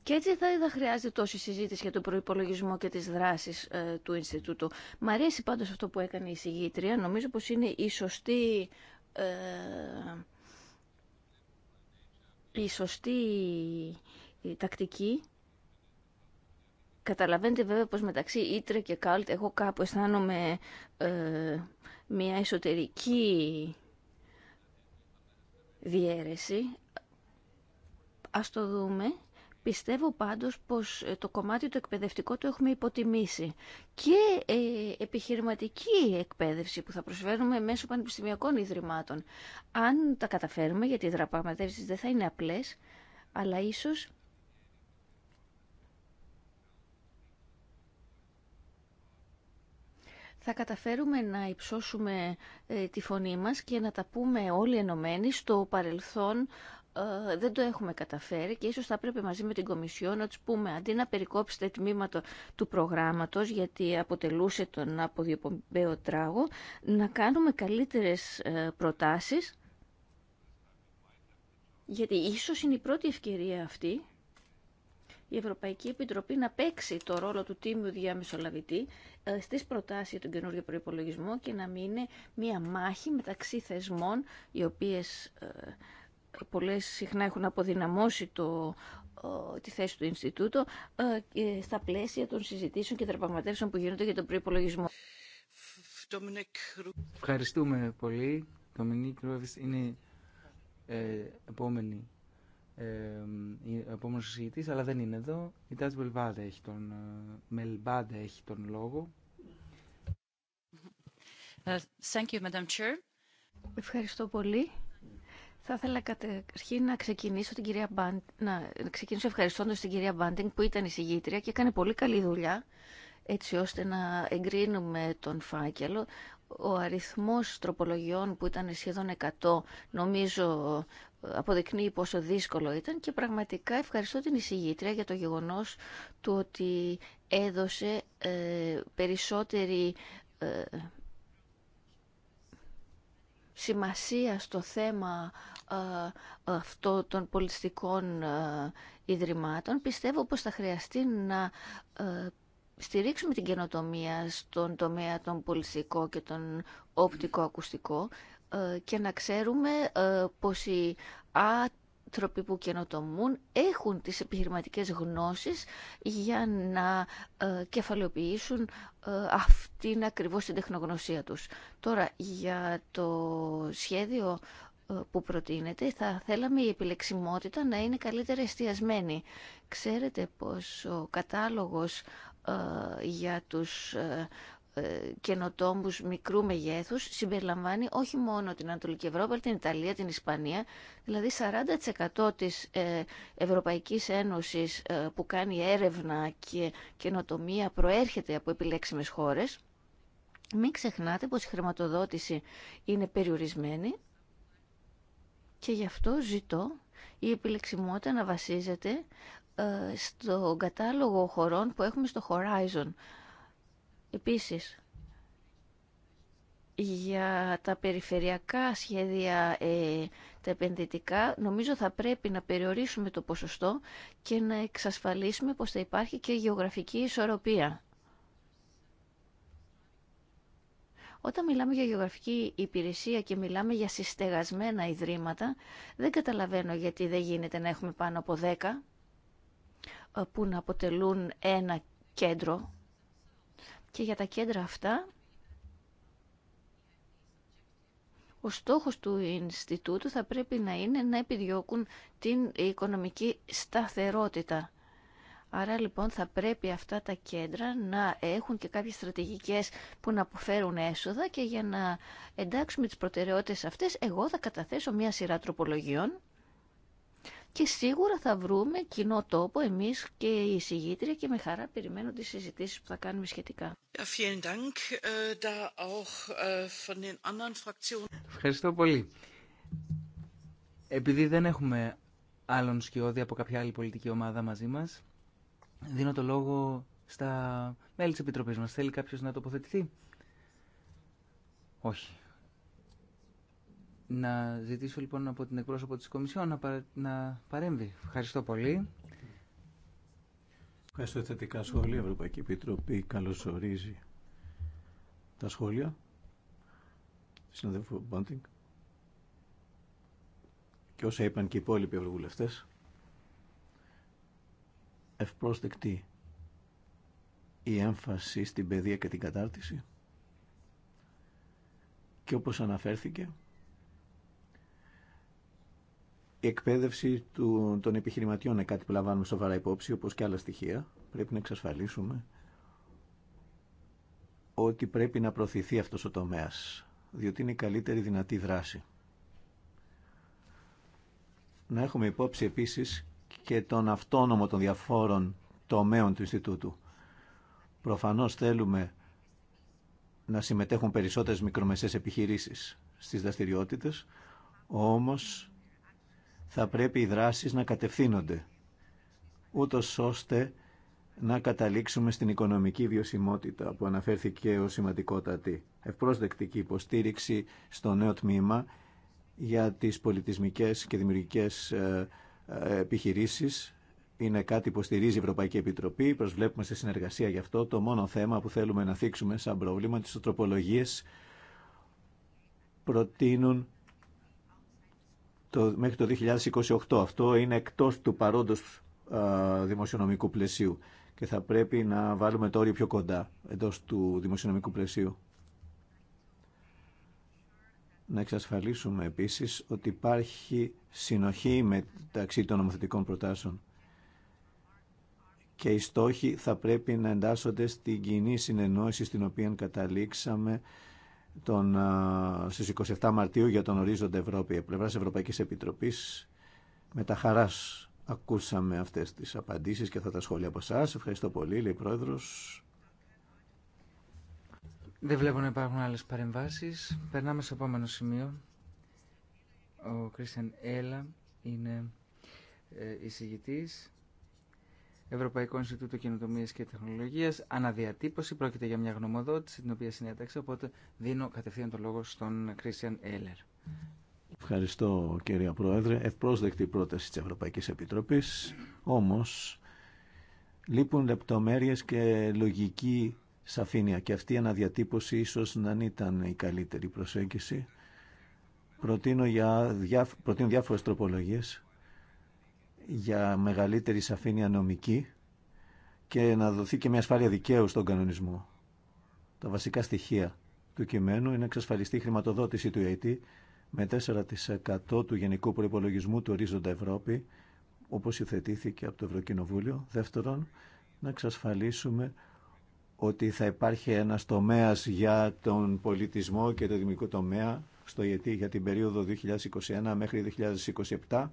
Και έτσι θα, θα χρειάζεται τόση συζήτηση για τον προπολογισμό και τι δράσει ε, του Ινστιτούτου. Μ' αρέσει πάντω αυτό που έκανε η συγγήτρια. Νομίζω πω είναι η σωστή. Ε, η τακτική Καταλαβαίνετε βέβαια πως μεταξύ Ήτρε και Κάλτ εγώ κάπου αισθάνομαι ε, μια εσωτερική διαιρεση Ας το δούμε. Πιστεύω πάντως πως ε, το κομμάτι το εκπαιδευτικό το έχουμε υποτιμήσει. Και ε, επιχειρηματική εκπαίδευση που θα προσφέρουμε μέσω πανεπιστημιακών ιδρυμάτων. Αν τα καταφέρουμε, γιατί οι δραπαγματεύσεις δεν θα είναι απλές, αλλά ίσως θα καταφέρουμε να υψώσουμε ε, τη φωνή μας και να τα πούμε όλοι ενωμένοι. Στο παρελθόν ε, δεν το έχουμε καταφέρει και ίσως θα πρέπει μαζί με την Κομισιό να πούμε αντί να περικόψετε τμήματα του προγράμματος γιατί αποτελούσε τον αποδιοπομπαίο τράγο να κάνουμε καλύτερες ε, προτάσεις γιατί ίσως είναι η πρώτη ευκαιρία αυτή η Ευρωπαϊκή Επιτροπή να παίξει το ρόλο του τίμιου διαμεσολαβητή ε, στις προτάσεις για τον καινούργιο προϋπολογισμό και να μην είναι μία μάχη μεταξύ θεσμών οι οποίες ε, πολλές συχνά έχουν αποδυναμώσει το, τη θέση του Ινστιτούτου ε, στα πλαίσια των συζητήσεων και διαπραγματεύσεων που γίνονται για τον προπολογισμό. Ευχαριστούμε πολύ. Ντομινίκ Ρόβις είναι ε, επόμενη ε, επόμενος αλλά δεν είναι εδώ. Η Τάτ Μελμπάντα έχει, τον, ε, έχει τον λόγο. Ε, thank you, Ευχαριστώ πολύ. Θα ήθελα καταρχήν να ξεκινήσω, την κυρία να ξεκινήσω ευχαριστώντας την κυρία Μπάντινγκ που ήταν η συγγήτρια και έκανε πολύ καλή δουλειά έτσι ώστε να εγκρίνουμε τον φάκελο. Ο αριθμός τροπολογιών που ήταν σχεδόν 100 νομίζω αποδεικνύει πόσο δύσκολο ήταν και πραγματικά ευχαριστώ την εισηγήτρια για το γεγονός του ότι έδωσε ε, περισσότερη ε, σημασία στο θέμα ε, αυτό των πολιτιστικών ε, ιδρυμάτων. Πιστεύω πως θα χρειαστεί να ε, στηρίξουμε την καινοτομία στον τομέα των πολιτιστικό και των οπτικο-ακουστικό και να ξέρουμε πως οι άνθρωποι που καινοτομούν έχουν τις επιχειρηματικές γνώσεις για να ε, κεφαλαιοποιήσουν ε, αυτήν ακριβώς την τεχνογνωσία τους. Τώρα, για το σχέδιο ε, που προτείνεται, θα θέλαμε η επιλεξιμότητα να είναι καλύτερα εστιασμένη. Ξέρετε πως ο κατάλογος ε, για τους ε, ε, καινοτόμου μικρού μεγέθους συμπεριλαμβάνει όχι μόνο την Ανατολική Ευρώπη, αλλά την Ιταλία, την Ισπανία. Δηλαδή 40% της ε, Ευρωπαϊκής Ένωσης ε, που κάνει έρευνα και καινοτομία προέρχεται από επιλέξιμε χώρες. Μην ξεχνάτε πως η χρηματοδότηση είναι περιορισμένη και γι' αυτό ζητώ η επιλεξιμότητα να βασίζεται στο κατάλογο χωρών που έχουμε στο Horizon Επίσης, για τα περιφερειακά σχέδια, ε, τα επενδυτικά, νομίζω θα πρέπει να περιορίσουμε το ποσοστό και να εξασφαλίσουμε πως θα υπάρχει και γεωγραφική ισορροπία. Όταν μιλάμε για γεωγραφική υπηρεσία και μιλάμε για συστεγασμένα ιδρύματα, δεν καταλαβαίνω γιατί δεν γίνεται να έχουμε πάνω από 10 ε, που να αποτελούν ένα κέντρο και για τα κέντρα αυτά, ο στόχος του Ινστιτούτου θα πρέπει να είναι να επιδιώκουν την οικονομική σταθερότητα. Άρα λοιπόν θα πρέπει αυτά τα κέντρα να έχουν και κάποιες στρατηγικές που να αποφέρουν έσοδα και για να εντάξουμε τις προτεραιότητες αυτές εγώ θα καταθέσω μια σειρά τροπολογιών και σίγουρα θα βρούμε κοινό τόπο εμείς και η εισηγήτρια και με χαρά περιμένω τις συζητήσεις που θα κάνουμε σχετικά. Äh, äh, Ευχαριστώ πολύ. Επειδή δεν έχουμε άλλον σκιώδη από κάποια άλλη πολιτική ομάδα μαζί μας, δίνω το λόγο στα μέλη της Επιτροπής μας. Θέλει κάποιος να τοποθετηθεί? Όχι. Να ζητήσω λοιπόν από την εκπρόσωπο της Κομισιόν να, να παρέμβει. Ευχαριστώ πολύ. Ευχαριστώ θετικά σχόλια. Η Ευρωπαϊκή Επιτροπή καλωσορίζει τα σχόλια. Συναδέλφου Μπάντινγκ. Και όσα είπαν και οι υπόλοιποι ευρωβουλευτές. Ευπρόσδεκτη η έμφαση στην παιδεία και την κατάρτιση. Και όπως αναφέρθηκε, η εκπαίδευση του, των επιχειρηματιών είναι κάτι που λαμβάνουμε σοβαρά υπόψη, όπως και άλλα στοιχεία. Πρέπει να εξασφαλίσουμε ότι πρέπει να προωθηθεί αυτός ο τομέας, διότι είναι η καλύτερη δυνατή δράση. Να έχουμε υπόψη επίσης και τον αυτόνομο των διαφόρων τομέων του Ινστιτούτου. Προφανώς θέλουμε να συμμετέχουν περισσότερες μικρομεσαίες επιχειρήσεις στις δραστηριότητες, όμως θα πρέπει οι δράσεις να κατευθύνονται, ούτω ώστε να καταλήξουμε στην οικονομική βιωσιμότητα που αναφέρθηκε ως σημαντικότατη ευπρόσδεκτική υποστήριξη στο νέο τμήμα για τις πολιτισμικές και δημιουργικές ε, ε, επιχειρήσεις. Είναι κάτι που στηρίζει η Ευρωπαϊκή Επιτροπή, προσβλέπουμε σε συνεργασία γι' αυτό. Το μόνο θέμα που θέλουμε να θίξουμε σαν πρόβλημα τις τροπολογίες προτείνουν το, μέχρι το 2028. Αυτό είναι εκτός του παρόντος δημοσιονομικού πλαισίου και θα πρέπει να βάλουμε το όριο πιο κοντά εντός του δημοσιονομικού πλαισίου. Να εξασφαλίσουμε επίσης ότι υπάρχει συνοχή μεταξύ των νομοθετικών προτάσεων και οι στόχοι θα πρέπει να εντάσσονται στην κοινή συνεννόηση στην οποία καταλήξαμε τον, στις 27 Μαρτίου για τον ορίζοντα Ευρώπη. Πλευράς Ευρωπαϊκής Επιτροπής με τα χαράς ακούσαμε αυτές τις απαντήσεις και αυτά τα σχόλια από εσά. Ευχαριστώ πολύ, λέει Πρόεδρος. Δεν βλέπω να υπάρχουν άλλες παρεμβάσεις. Περνάμε στο επόμενο σημείο. Ο Κρίστιαν Έλα είναι ε, εισηγητής Ευρωπαϊκό Ινστιτούτο Καινοτομία και Τεχνολογία. Αναδιατύπωση πρόκειται για μια γνωμοδότηση την οποία συνέταξε, οπότε δίνω κατευθείαν το λόγο στον Κρίστιαν Έλλερ. Ευχαριστώ κυρία Πρόεδρε. Ευπρόσδεκτη πρόταση της Ευρωπαϊκής Επιτροπής, όμως λείπουν λεπτομέρειες και λογική σαφήνεια και αυτή η αναδιατύπωση ίσως να ήταν η καλύτερη προσέγγιση. Προτείνω, για, προτείνω διάφορες τροπολογίες για μεγαλύτερη σαφήνεια νομική και να δοθεί και μια ασφάλεια δικαίου στον κανονισμό. Τα βασικά στοιχεία του κειμένου είναι εξασφαλιστή η χρηματοδότηση του ΙΕΤ με 4% του γενικού προπολογισμού του ορίζοντα Ευρώπη, όπως υθετήθηκε από το Ευρωκοινοβούλιο. Δεύτερον, να εξασφαλίσουμε ότι θα υπάρχει ένας τομέας για τον πολιτισμό και το δημιουργικό τομέα στο ΙΕΤ για την περίοδο 2021 μέχρι 2027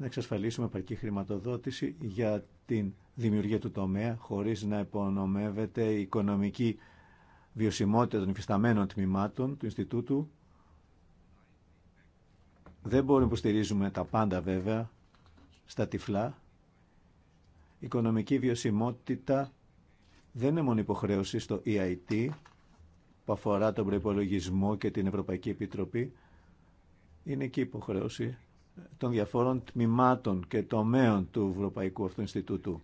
να εξασφαλίσουμε επαρκή χρηματοδότηση για την δημιουργία του τομέα χωρίς να υπονομεύεται η οικονομική βιωσιμότητα των υφισταμένων τμήματων του Ινστιτούτου. Δεν μπορούμε να υποστηρίζουμε τα πάντα βέβαια στα τυφλά. Η οικονομική βιωσιμότητα δεν είναι μόνο υποχρέωση στο EIT που αφορά τον προπολογισμό και την Ευρωπαϊκή Επιτροπή. Είναι και υποχρέωση των διαφόρων τμήματων και τομέων του Ευρωπαϊκού Αυτοινστιτούτου.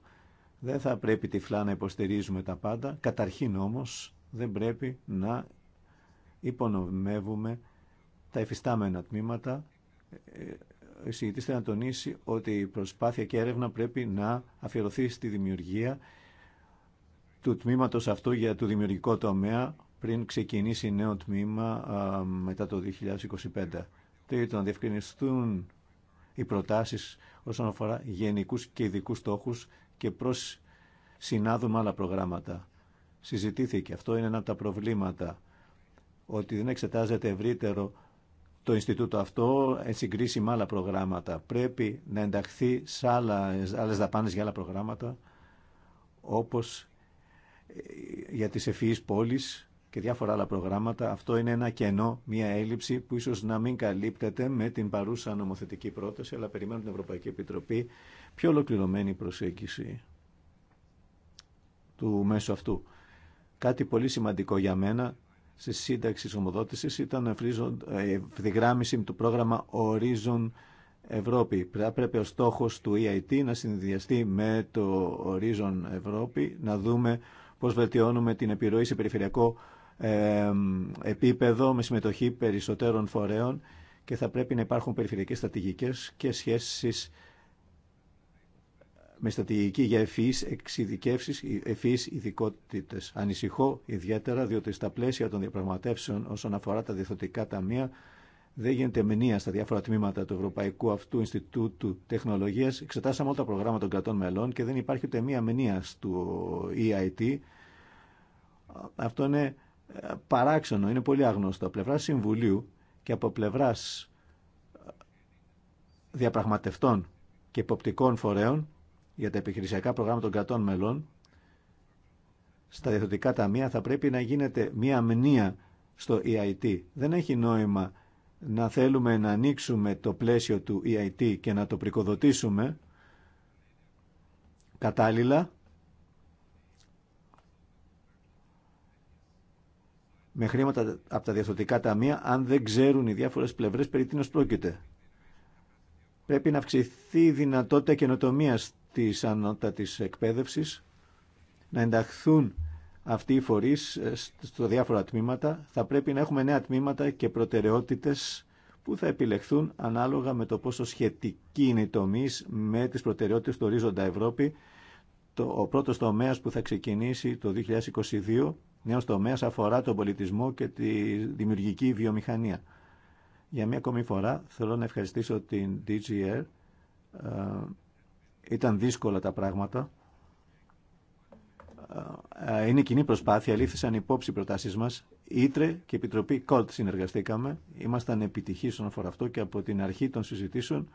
Δεν θα πρέπει τυφλά να υποστηρίζουμε τα πάντα. Καταρχήν όμως δεν πρέπει να υπονομεύουμε τα εφιστάμενα τμήματα. Ο εισηγητής θέλει να τονίσει ότι η προσπάθεια και έρευνα πρέπει να αφιερωθεί στη δημιουργία του τμήματος αυτού για το δημιουργικό τομέα πριν ξεκινήσει νέο τμήμα μετά το 2025. Τρίτον, να διευκρινιστούν οι προτάσεις όσον αφορά γενικούς και ειδικού στόχους και προς συνάδου με άλλα προγράμματα. Συζητήθηκε, αυτό είναι ένα από τα προβλήματα, ότι δεν εξετάζεται ευρύτερο το Ινστιτούτο αυτό εν συγκρίση με άλλα προγράμματα. Πρέπει να ενταχθεί σε άλλε άλλες δαπάνες για άλλα προγράμματα, όπως ε, για τις ευφυείς πόλεις, και διάφορα άλλα προγράμματα, αυτό είναι ένα κενό, μια έλλειψη που ίσως να μην καλύπτεται με την παρούσα νομοθετική πρόταση, αλλά περιμένουν την Ευρωπαϊκή Επιτροπή πιο ολοκληρωμένη προσέγγιση του μέσου αυτού. Κάτι πολύ σημαντικό για μένα στη σύνταξη της ήταν η ε, ευθυγράμμιση του πρόγραμμα Horizon Ευρώπη. Πρέπει ο στόχος του EIT να συνδυαστεί με το Horizon Ευρώπη, να δούμε πώς βελτιώνουμε την επιρροή σε περιφερειακό επίπεδο με συμμετοχή περισσότερων φορέων και θα πρέπει να υπάρχουν περιφερειακές στρατηγικές και σχέσεις με στρατηγική για ευφυείς εξειδικεύσεις, ευφυείς ειδικότητε. Ανησυχώ ιδιαίτερα διότι στα πλαίσια των διαπραγματεύσεων όσον αφορά τα διεθνωτικά ταμεία δεν γίνεται μενία στα διάφορα τμήματα του Ευρωπαϊκού Αυτού Ινστιτούτου Τεχνολογία. Εξετάσαμε όλα τα προγράμματα των κρατών μελών και δεν υπάρχει ούτε μία μενία του EIT. Αυτό είναι παράξενο, είναι πολύ άγνωστο. Από πλευράς Συμβουλίου και από πλευρά ε, διαπραγματευτών και υποπτικών φορέων για τα επιχειρησιακά προγράμματα των κρατών μελών, στα διαθετικά ταμεία θα πρέπει να γίνεται μία μνήα στο EIT. Δεν έχει νόημα να θέλουμε να ανοίξουμε το πλαίσιο του EIT και να το πρικοδοτήσουμε κατάλληλα με χρήματα από τα διαθωτικά ταμεία αν δεν ξέρουν οι διάφορες πλευρές περί τίνος πρόκειται. Πρέπει να αυξηθεί η δυνατότητα καινοτομία της ανώτατη εκπαίδευση, να ενταχθούν αυτοί οι φορεί ε, στα διάφορα τμήματα. Θα πρέπει να έχουμε νέα τμήματα και προτεραιότητε που θα επιλεχθούν ανάλογα με το πόσο σχετική είναι η τομή με τι προτεραιότητε του ορίζοντα Ευρώπη, το, ο πρώτο τομέα που θα ξεκινήσει το 2022 νέος τομέας αφορά τον πολιτισμό και τη δημιουργική βιομηχανία. Για μία ακόμη φορά θέλω να ευχαριστήσω την DGR. Ε, ήταν δύσκολα τα πράγματα. Ε, ε, είναι κοινή προσπάθεια, λήφθησαν υπόψη οι προτάσεις μας. Ήτρε και Επιτροπή Κολτ συνεργαστήκαμε. Ήμασταν επιτυχεί όσον αφορά αυτό και από την αρχή των συζητήσεων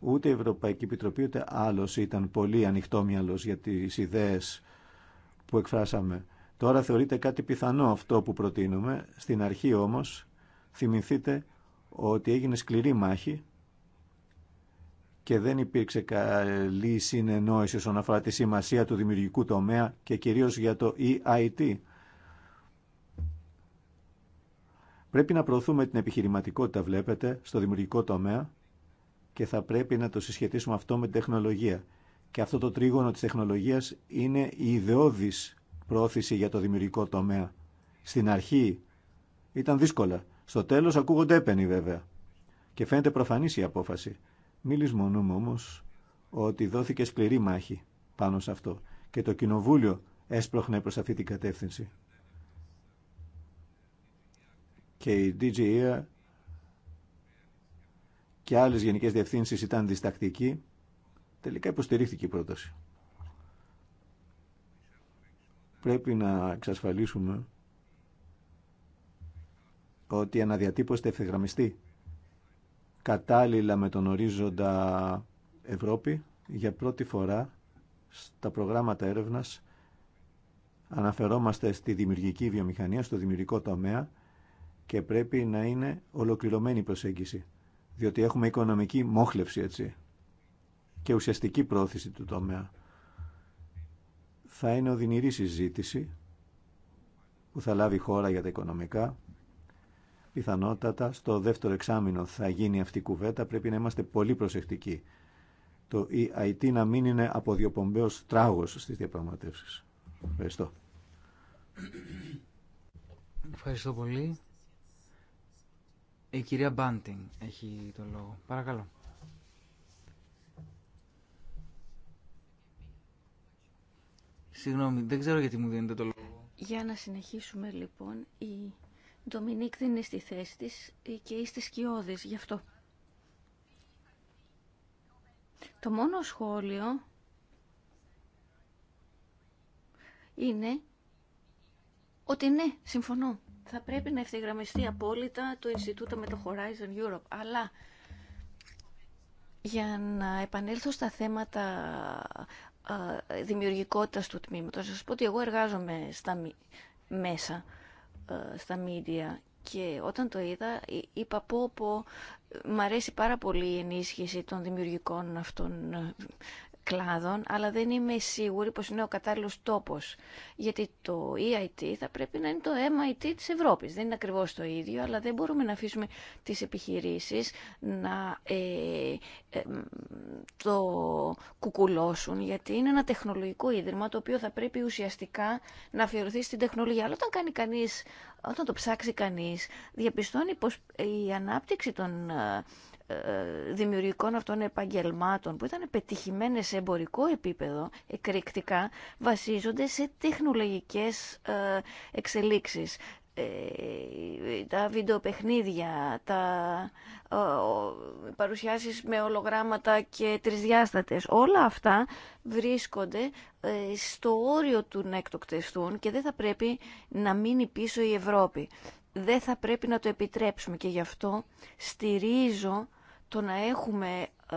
ούτε η Ευρωπαϊκή Επιτροπή ούτε άλλο ήταν πολύ ανοιχτόμυαλος για τι ιδέε που εκφράσαμε. Τώρα θεωρείται κάτι πιθανό αυτό που προτείνουμε. Στην αρχή όμως θυμηθείτε ότι έγινε σκληρή μάχη και δεν υπήρξε καλή συνεννόηση όσον αφορά τη σημασία του δημιουργικού τομέα και κυρίως για το EIT. Πρέπει να προωθούμε την επιχειρηματικότητα, βλέπετε, στο δημιουργικό τομέα και θα πρέπει να το συσχετίσουμε αυτό με τεχνολογία. Και αυτό το τρίγωνο της τεχνολογίας είναι η ιδεώδης πρόθεση για το δημιουργικό τομέα. Στην αρχή ήταν δύσκολα. Στο τέλος ακούγονται έπαινοι βέβαια. Και φαίνεται προφανή η απόφαση. Μη λησμονούμε όμω ότι δόθηκε σκληρή μάχη πάνω σε αυτό και το Κοινοβούλιο έσπροχνε προς αυτή την κατεύθυνση. Και η DGE και άλλες γενικές διευθύνσεις ήταν διστακτικοί. Τελικά υποστηρίχθηκε η πρόταση. Πρέπει να εξασφαλίσουμε ότι η αναδιατύπωση θα κατάλληλα με τον ορίζοντα Ευρώπη για πρώτη φορά στα προγράμματα έρευνας αναφερόμαστε στη δημιουργική βιομηχανία, στο δημιουργικό τομέα και πρέπει να είναι ολοκληρωμένη η προσέγγιση, διότι έχουμε οικονομική μόχλευση έτσι και ουσιαστική πρόθεση του τομέα θα είναι οδυνηρή συζήτηση που θα λάβει χώρα για τα οικονομικά. Πιθανότατα στο δεύτερο εξάμεινο θα γίνει αυτή η κουβέντα, πρέπει να είμαστε πολύ προσεκτικοί. Το EIT να μην είναι αποδιοπομπέως τράγος στις διαπραγματεύσεις. Ευχαριστώ. Ευχαριστώ πολύ. Η κυρία Μπάντιν έχει το λόγο. Παρακαλώ. Συγγνώμη, δεν ξέρω γιατί μου δίνετε το λόγο. Για να συνεχίσουμε λοιπόν, η Ντομινίκ δεν είναι στη θέση της και είστε σκιώδες γι' αυτό. Το μόνο σχόλιο είναι ότι ναι, συμφωνώ. Θα πρέπει να ευθυγραμμιστεί απόλυτα το Ινστιτούτο με το Horizon Europe. Αλλά για να επανέλθω στα θέματα δημιουργικότητας του τμήματος. Θα σας πω ότι εγώ εργάζομαι στα μέσα, στα μίδια και όταν το είδα είπα πω πω μ' αρέσει πάρα πολύ η ενίσχυση των δημιουργικών αυτών κλάδων, αλλά δεν είμαι σίγουρη πως είναι ο κατάλληλος τόπος. Γιατί το EIT θα πρέπει να είναι το MIT της Ευρώπης. Δεν είναι ακριβώς το ίδιο, αλλά δεν μπορούμε να αφήσουμε τις επιχειρήσεις να ε, ε, το κουκουλώσουν, γιατί είναι ένα τεχνολογικό ίδρυμα το οποίο θα πρέπει ουσιαστικά να αφιερωθεί στην τεχνολογία. Αλλά όταν κάνει κανείς όταν το ψάξει κανείς, διαπιστώνει πως η ανάπτυξη των ε, ε, δημιουργικών αυτών επαγγελμάτων που ήταν πετυχημένες σε εμπορικό επίπεδο εκρηκτικά βασίζονται σε τεχνολογικές ε, εξελίξεις. Ε, τα βιντεοπαιχνίδια, τα παρουσιάσεις με ολογράμματα και τρισδιάστατες. Όλα αυτά βρίσκονται στο όριο του να εκτοκτεστούν και δεν θα πρέπει να μείνει πίσω η Ευρώπη δεν θα πρέπει να το επιτρέψουμε και γι' αυτό στηρίζω το να έχουμε ε,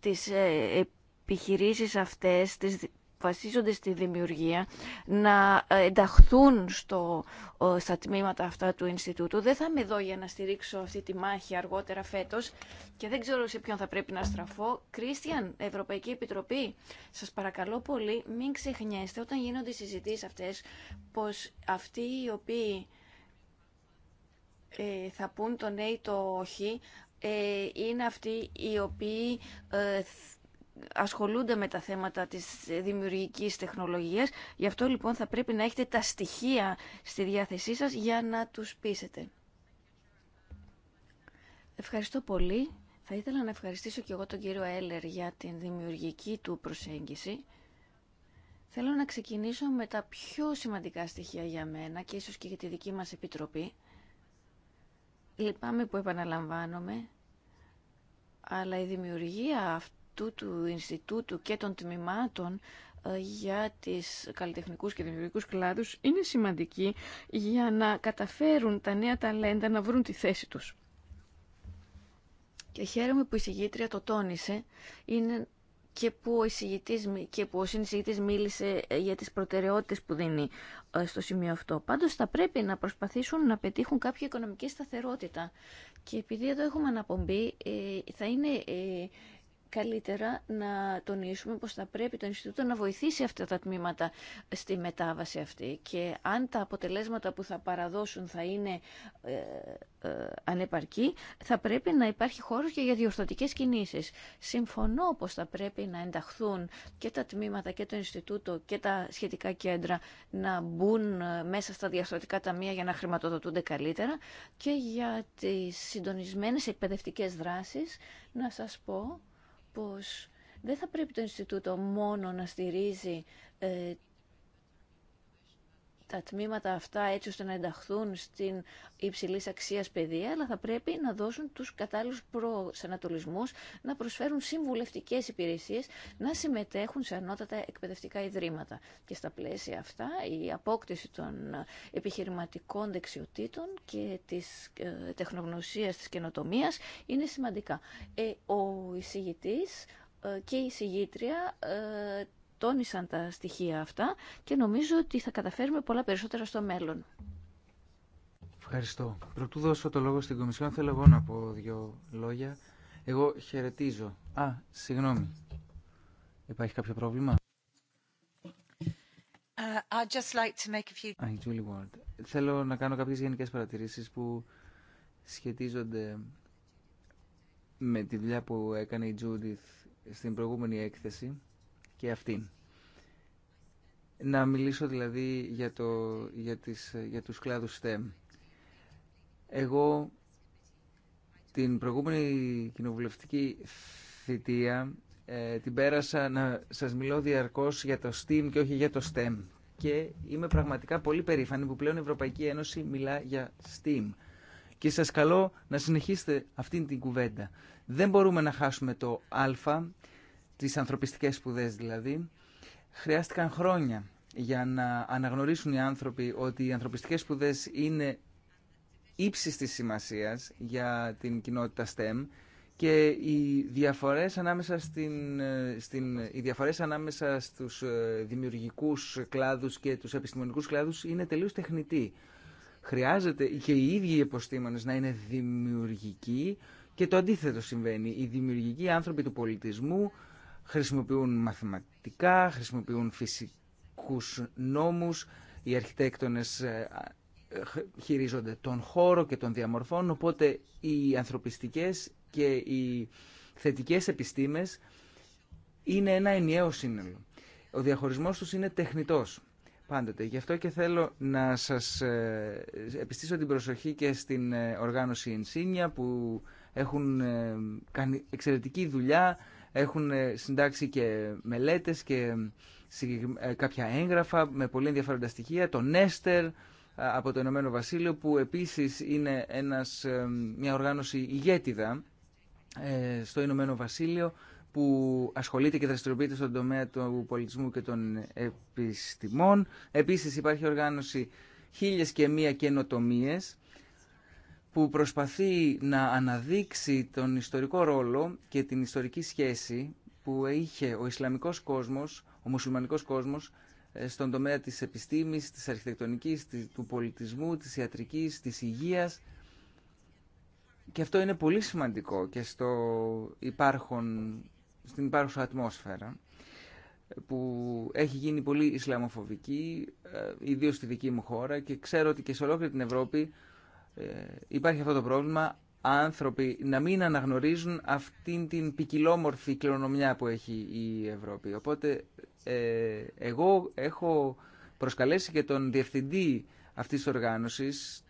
τις ε, επιχειρήσεις αυτές, τις βασίζονται στη δημιουργία, να ε, ενταχθούν στο, στα τμήματα αυτά του Ινστιτούτου. Δεν θα είμαι εδώ για να στηρίξω αυτή τη μάχη αργότερα φέτος και δεν ξέρω σε ποιον θα πρέπει να στραφώ. Κρίστιαν, Ευρωπαϊκή Επιτροπή, σας παρακαλώ πολύ μην ξεχνιέστε όταν γίνονται οι συζητήσεις αυτές πως αυτοί οι οποίοι ε, θα πούν το ναι ή το όχι ε, είναι αυτοί οι οποίοι ε, ασχολούνται με τα θέματα της δημιουργικής τεχνολογίας. Γι' αυτό λοιπόν θα πρέπει να έχετε τα στοιχεία στη διάθεσή σας για να τους πείσετε. Ευχαριστώ πολύ. Θα ήθελα να ευχαριστήσω και εγώ τον κύριο Έλερ για την δημιουργική του προσέγγιση. Θέλω να ξεκινήσω με τα πιο σημαντικά στοιχεία για μένα και ίσως και για τη δική μας επιτροπή. Λυπάμαι που επαναλαμβάνομαι, αλλά η δημιουργία αυτού του Ινστιτούτου και των τμήματων ε, για τις καλλιτεχνικούς και δημιουργικούς κλάδους είναι σημαντική για να καταφέρουν τα νέα ταλέντα να βρουν τη θέση τους. Και χαίρομαι που η συγγήτρια το τόνισε, είναι και που ο, εισηγητής, μίλησε ε, για τις προτεραιότητες που δίνει ε, στο σημείο αυτό. Πάντως θα πρέπει να προσπαθήσουν να πετύχουν κάποια οικονομική σταθερότητα. Και επειδή εδώ έχουμε αναπομπή, ε, θα είναι καλύτερα να τονίσουμε πως θα πρέπει το Ινστιτούτο να βοηθήσει αυτά τα τμήματα στη μετάβαση αυτή και αν τα αποτελέσματα που θα παραδώσουν θα είναι ε, ε, ανεπαρκή, θα πρέπει να υπάρχει χώρος και για διορθωτικές κινήσεις. Συμφωνώ πως θα πρέπει να ενταχθούν και τα τμήματα και το Ινστιτούτο και τα σχετικά κέντρα να μπουν ε, μέσα στα διορθωτικά ταμεία για να χρηματοδοτούνται καλύτερα και για τις συντονισμένες εκπαιδευτικές δράσεις να σας πω πως δεν θα πρέπει το Ινστιτούτο μόνο να στηρίζει ε, τα τμήματα αυτά έτσι ώστε να ενταχθούν στην υψηλή αξία παιδεία, αλλά θα πρέπει να δώσουν του κατάλληλου προσανατολισμού, να προσφέρουν συμβουλευτικέ υπηρεσίε, να συμμετέχουν σε ανώτατα εκπαιδευτικά ιδρύματα. Και στα πλαίσια αυτά, η απόκτηση των επιχειρηματικών δεξιοτήτων και τη ε, τεχνογνωσία τη καινοτομία είναι σημαντικά. Ε, ο εισηγητή ε, και η συγγήτρια τόνισαν τα στοιχεία αυτά και νομίζω ότι θα καταφέρουμε πολλά περισσότερα στο μέλλον. Ευχαριστώ. Πρωτού δώσω το λόγο στην Κομισιόν, θέλω εγώ να πω δύο λόγια. Εγώ χαιρετίζω. Α, συγγνώμη. Υπάρχει κάποιο πρόβλημα. Uh, just like to make a few... Θέλω να κάνω κάποιες γενικές παρατηρήσεις που σχετίζονται με τη δουλειά που έκανε η Judith στην προηγούμενη έκθεση και αυτήν. Να μιλήσω δηλαδή για, το, για, τις, για τους κλάδους STEM. Εγώ την προηγούμενη κοινοβουλευτική θητεία ε, την πέρασα να σας μιλώ διαρκώς για το STEM και όχι για το STEM. Και είμαι πραγματικά πολύ περήφανη που πλέον η Ευρωπαϊκή Ένωση μιλά για STEM Και σας καλώ να συνεχίσετε αυτήν την κουβέντα. Δεν μπορούμε να χάσουμε το α τις ανθρωπιστικές σπουδέ δηλαδή, χρειάστηκαν χρόνια για να αναγνωρίσουν οι άνθρωποι ότι οι ανθρωπιστικές σπουδέ είναι ύψης της σημασίας για την κοινότητα STEM και οι διαφορές ανάμεσα, στην, στην, οι διαφορές ανάμεσα στους ε, δημιουργικούς κλάδους και τους επιστημονικούς κλάδους είναι τελείως τεχνητοί. Χρειάζεται και οι ίδιοι οι επιστήμονες να είναι δημιουργικοί και το αντίθετο συμβαίνει. Οι δημιουργικοί άνθρωποι του πολιτισμού χρησιμοποιούν μαθηματικά, χρησιμοποιούν φυσικούς νόμους, οι αρχιτέκτονες ε, χειρίζονται τον χώρο και τον διαμορφών, οπότε οι ανθρωπιστικές και οι θετικές επιστήμες είναι ένα ενιαίο σύνολο. Ο διαχωρισμός τους είναι τεχνητός πάντοτε. Γι' αυτό και θέλω να σας ε, επιστήσω την προσοχή και στην ε, οργάνωση Insignia που έχουν κάνει εξαιρετική δουλειά έχουν ε, συντάξει και μελέτες και ε, ε, κάποια έγγραφα με πολύ ενδιαφέροντα στοιχεία. Το Νέστερ από το Ηνωμένο Βασίλειο που επίσης είναι ένας, μια οργάνωση ηγέτιδα στο Ηνωμένο Βασίλειο που ασχολείται και δραστηριοποιείται στον τομέα του πολιτισμού και των επιστημών. Επίσης υπάρχει οργάνωση χίλιες και μία καινοτομίες που προσπαθεί να αναδείξει τον ιστορικό ρόλο και την ιστορική σχέση που είχε ο Ισλαμικός κόσμος, ο μουσουλμανικός κόσμος ε, στον τομέα της επιστήμης, της αρχιτεκτονικής, του πολιτισμού, της ιατρικής, της υγείας. Και αυτό είναι πολύ σημαντικό και στο υπάρχον, στην υπάρχουσα ατμόσφαιρα που έχει γίνει πολύ Ισλαμοφοβική, ε, ιδίως στη δική μου χώρα και ξέρω ότι και σε ολόκληρη την Ευρώπη ε, υπάρχει αυτό το πρόβλημα άνθρωποι να μην αναγνωρίζουν αυτήν την ποικιλόμορφη κληρονομιά που έχει η Ευρώπη. Οπότε ε, εγώ έχω προσκαλέσει και τον διευθυντή αυτής της οργάνωσης,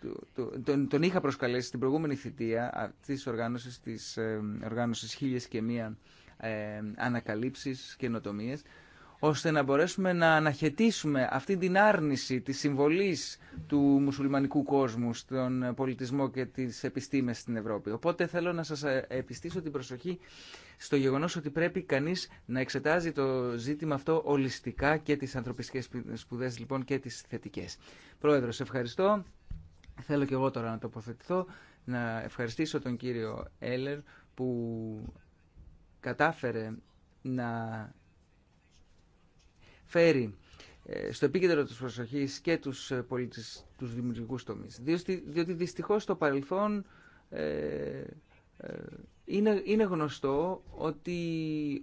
τον, τον είχα προσκαλέσει στην προηγούμενη θητεία αυτής της οργάνωσης, της ε, οργάνωσης χίλιες και μία ε, ανακαλύψεις και ώστε να μπορέσουμε να αναχαιτήσουμε αυτή την άρνηση της συμβολής του μουσουλμανικού κόσμου στον πολιτισμό και τις επιστήμες στην Ευρώπη. Οπότε θέλω να σας επιστήσω την προσοχή στο γεγονός ότι πρέπει κανείς να εξετάζει το ζήτημα αυτό ολιστικά και τις ανθρωπιστικές σπουδές λοιπόν και τις θετικές. Πρόεδρος, ευχαριστώ. Θέλω και εγώ τώρα να τοποθετηθώ, να ευχαριστήσω τον κύριο Έλερ που κατάφερε να φέρει ε, στο επίκεντρο της προσοχής και τους ε, πολίτες, τους δημιουργικούς τομείς. Διότι, διότι δυστυχώς στο παρελθόν ε, είναι, είναι γνωστό ότι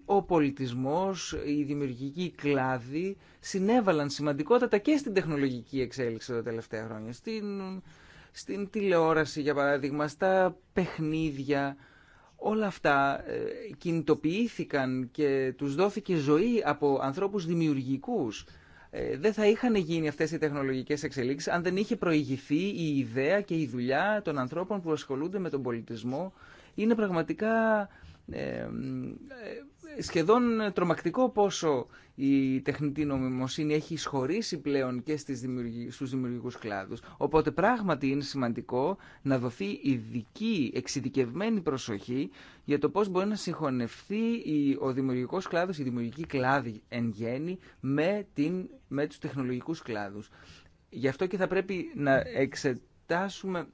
ο πολιτισμός, η δημιουργική κλάδη συνέβαλαν σημαντικότατα και στην τεχνολογική εξέλιξη τα τελευταία χρόνια. Στην, στην τηλεόραση, για παράδειγμα, στα παιχνίδια, όλα αυτά ε, κινητοποιήθηκαν και τους δόθηκε ζωή από ανθρώπους δημιουργικούς. Ε, δεν θα είχαν γίνει αυτές οι τεχνολογικές εξελίξεις αν δεν είχε προηγηθεί η ιδέα και η δουλειά των ανθρώπων που ασχολούνται με τον πολιτισμό. Είναι πραγματικά ε, σχεδόν τρομακτικό πόσο η τεχνητή νομιμοσύνη έχει εισχωρήσει πλέον και στις δημιουργικούς, στους κλάδους. Οπότε πράγματι είναι σημαντικό να δοθεί ειδική, εξειδικευμένη προσοχή για το πώς μπορεί να συγχωνευτεί ο δημιουργικός κλάδος, η δημιουργική κλάδη εν γέννη με, την, με τους τεχνολογικούς κλάδους. Γι' αυτό και θα πρέπει να εξετάσουμε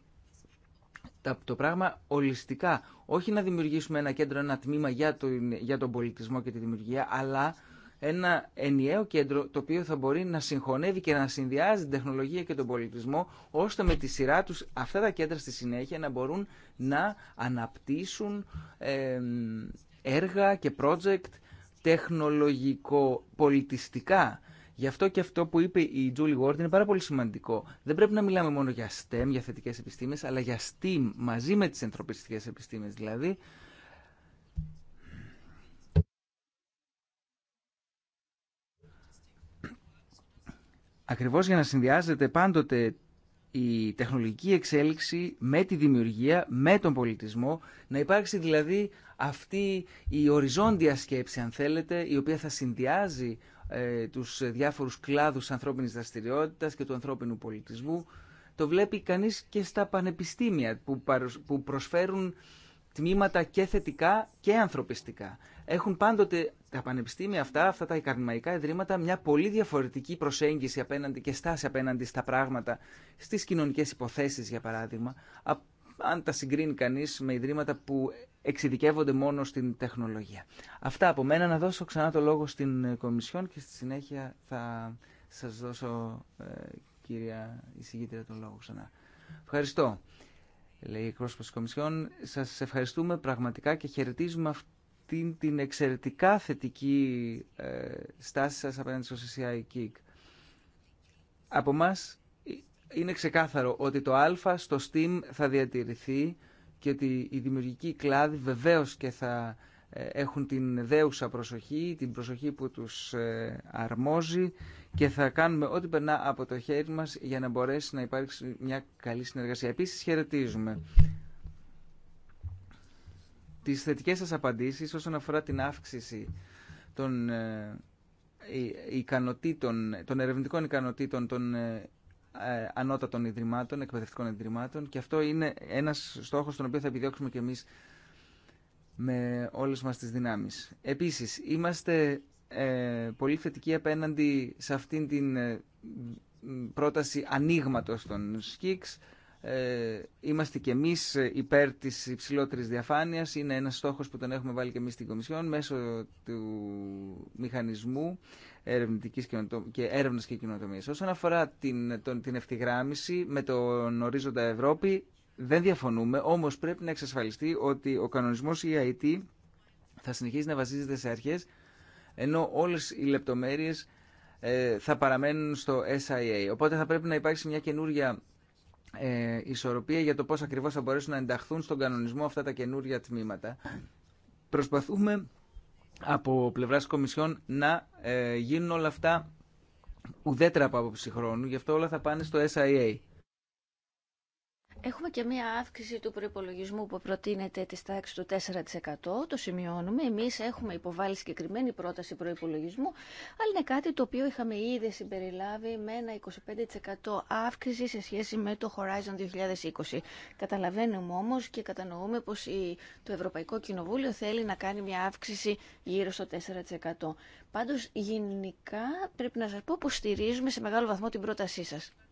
το πράγμα ολιστικά. Όχι να δημιουργήσουμε ένα κέντρο, ένα τμήμα για τον, για τον πολιτισμό και τη δημιουργία, αλλά ένα ενιαίο κέντρο το οποίο θα μπορεί να συγχωνεύει και να συνδυάζει την τεχνολογία και τον πολιτισμό, ώστε με τη σειρά τους αυτά τα κέντρα στη συνέχεια να μπορούν να αναπτύσσουν ε, έργα και project τεχνολογικό-πολιτιστικά Γι' αυτό και αυτό που είπε η Τζούλι Ward είναι πάρα πολύ σημαντικό. Δεν πρέπει να μιλάμε μόνο για STEM, για θετικές επιστήμες, αλλά για STEAM μαζί με τις ανθρωπιστικές επιστήμες δηλαδή. Ακριβώς για να συνδυάζεται πάντοτε η τεχνολογική εξέλιξη με τη δημιουργία, με τον πολιτισμό, να υπάρξει δηλαδή αυτή η οριζόντια σκέψη, αν θέλετε, η οποία θα συνδυάζει ε, τους διάφορους κλάδους ανθρώπινης δραστηριότητας και του ανθρώπινου πολιτισμού. Το βλέπει κανείς και στα πανεπιστήμια που προσφέρουν τμήματα και θετικά και ανθρωπιστικά. Έχουν πάντοτε τα πανεπιστήμια αυτά, αυτά τα ικανομαϊκά ιδρύματα, μια πολύ διαφορετική προσέγγιση απέναντι και στάση απέναντι στα πράγματα, στις κοινωνικές υποθέσεις για παράδειγμα, αν τα συγκρίνει κανείς με ιδρύματα που εξειδικεύονται μόνο στην τεχνολογία. Αυτά από μένα. Να δώσω ξανά το λόγο στην ε, Κομισιόν και στη συνέχεια θα σας δώσω, ε, κυρία εισηγήτρια, τον λόγο ξανά. Ευχαριστώ, λέει η εκπρόσωπο. της Κομισιόν. Σας ευχαριστούμε πραγματικά και χαιρετίζουμε αυτήν την εξαιρετικά θετική ε, στάση σας απέναντι στο CCI KIC. Από εμά είναι ξεκάθαρο ότι το α στο STEAM θα διατηρηθεί και ότι οι δημιουργικοί κλάδοι βεβαίως και θα ε, έχουν την δέουσα προσοχή, την προσοχή που τους ε, αρμόζει και θα κάνουμε ό,τι περνά από το χέρι μας για να μπορέσει να υπάρξει μια καλή συνεργασία. Επίσης χαιρετίζουμε τις θετικές σας απαντήσεις όσον αφορά την αύξηση των ε, ικανοτήτων, των ερευνητικών ικανοτήτων των ε, ανώτατων ιδρυμάτων, εκπαιδευτικών ιδρυμάτων και αυτό είναι ένας στόχος τον οποίο θα επιδιώξουμε και εμείς με όλες μας τις δυνάμεις. Επίσης, είμαστε ε, πολύ θετικοί απέναντι σε αυτήν την ε, πρόταση ανοίγματο των ΣΚΙΚΣ. Ε, είμαστε και εμείς υπέρ της υψηλότερης διαφάνειας. Είναι ένας στόχος που τον έχουμε βάλει και εμείς στην Κομισιόν μέσω του μηχανισμού ερευνητικής και έρευνας και κοινοτομίας. Όσον αφορά την, τον, την ευθυγράμμιση με τον ορίζοντα Ευρώπη, δεν διαφωνούμε, όμως πρέπει να εξασφαλιστεί ότι ο κανονισμός EIT θα συνεχίζει να βασίζεται σε αρχές, ενώ όλες οι λεπτομέρειες ε, θα παραμένουν στο SIA. Οπότε θα πρέπει να υπάρξει μια καινούρια ε, ισορροπία για το πώς ακριβώς θα μπορέσουν να ενταχθούν στον κανονισμό αυτά τα καινούρια τμήματα. Προσπαθούμε από πλευράς Κομισιόν να ε, γίνουν όλα αυτά ουδέτερα από άποψη χρόνου, γι' αυτό όλα θα πάνε στο SIA. Έχουμε και μία αύξηση του προϋπολογισμού που προτείνεται τη τάξη του 4%. Το σημειώνουμε. Εμείς έχουμε υποβάλει συγκεκριμένη πρόταση προϋπολογισμού, αλλά είναι κάτι το οποίο είχαμε ήδη συμπεριλάβει με ένα 25% αύξηση σε σχέση με το Horizon 2020. Καταλαβαίνουμε όμως και κατανοούμε πως το Ευρωπαϊκό Κοινοβούλιο θέλει να κάνει μία αύξηση γύρω στο 4%. Πάντω, γενικά πρέπει να σα πω πω στηρίζουμε σε μεγάλο βαθμό την πρότασή σα.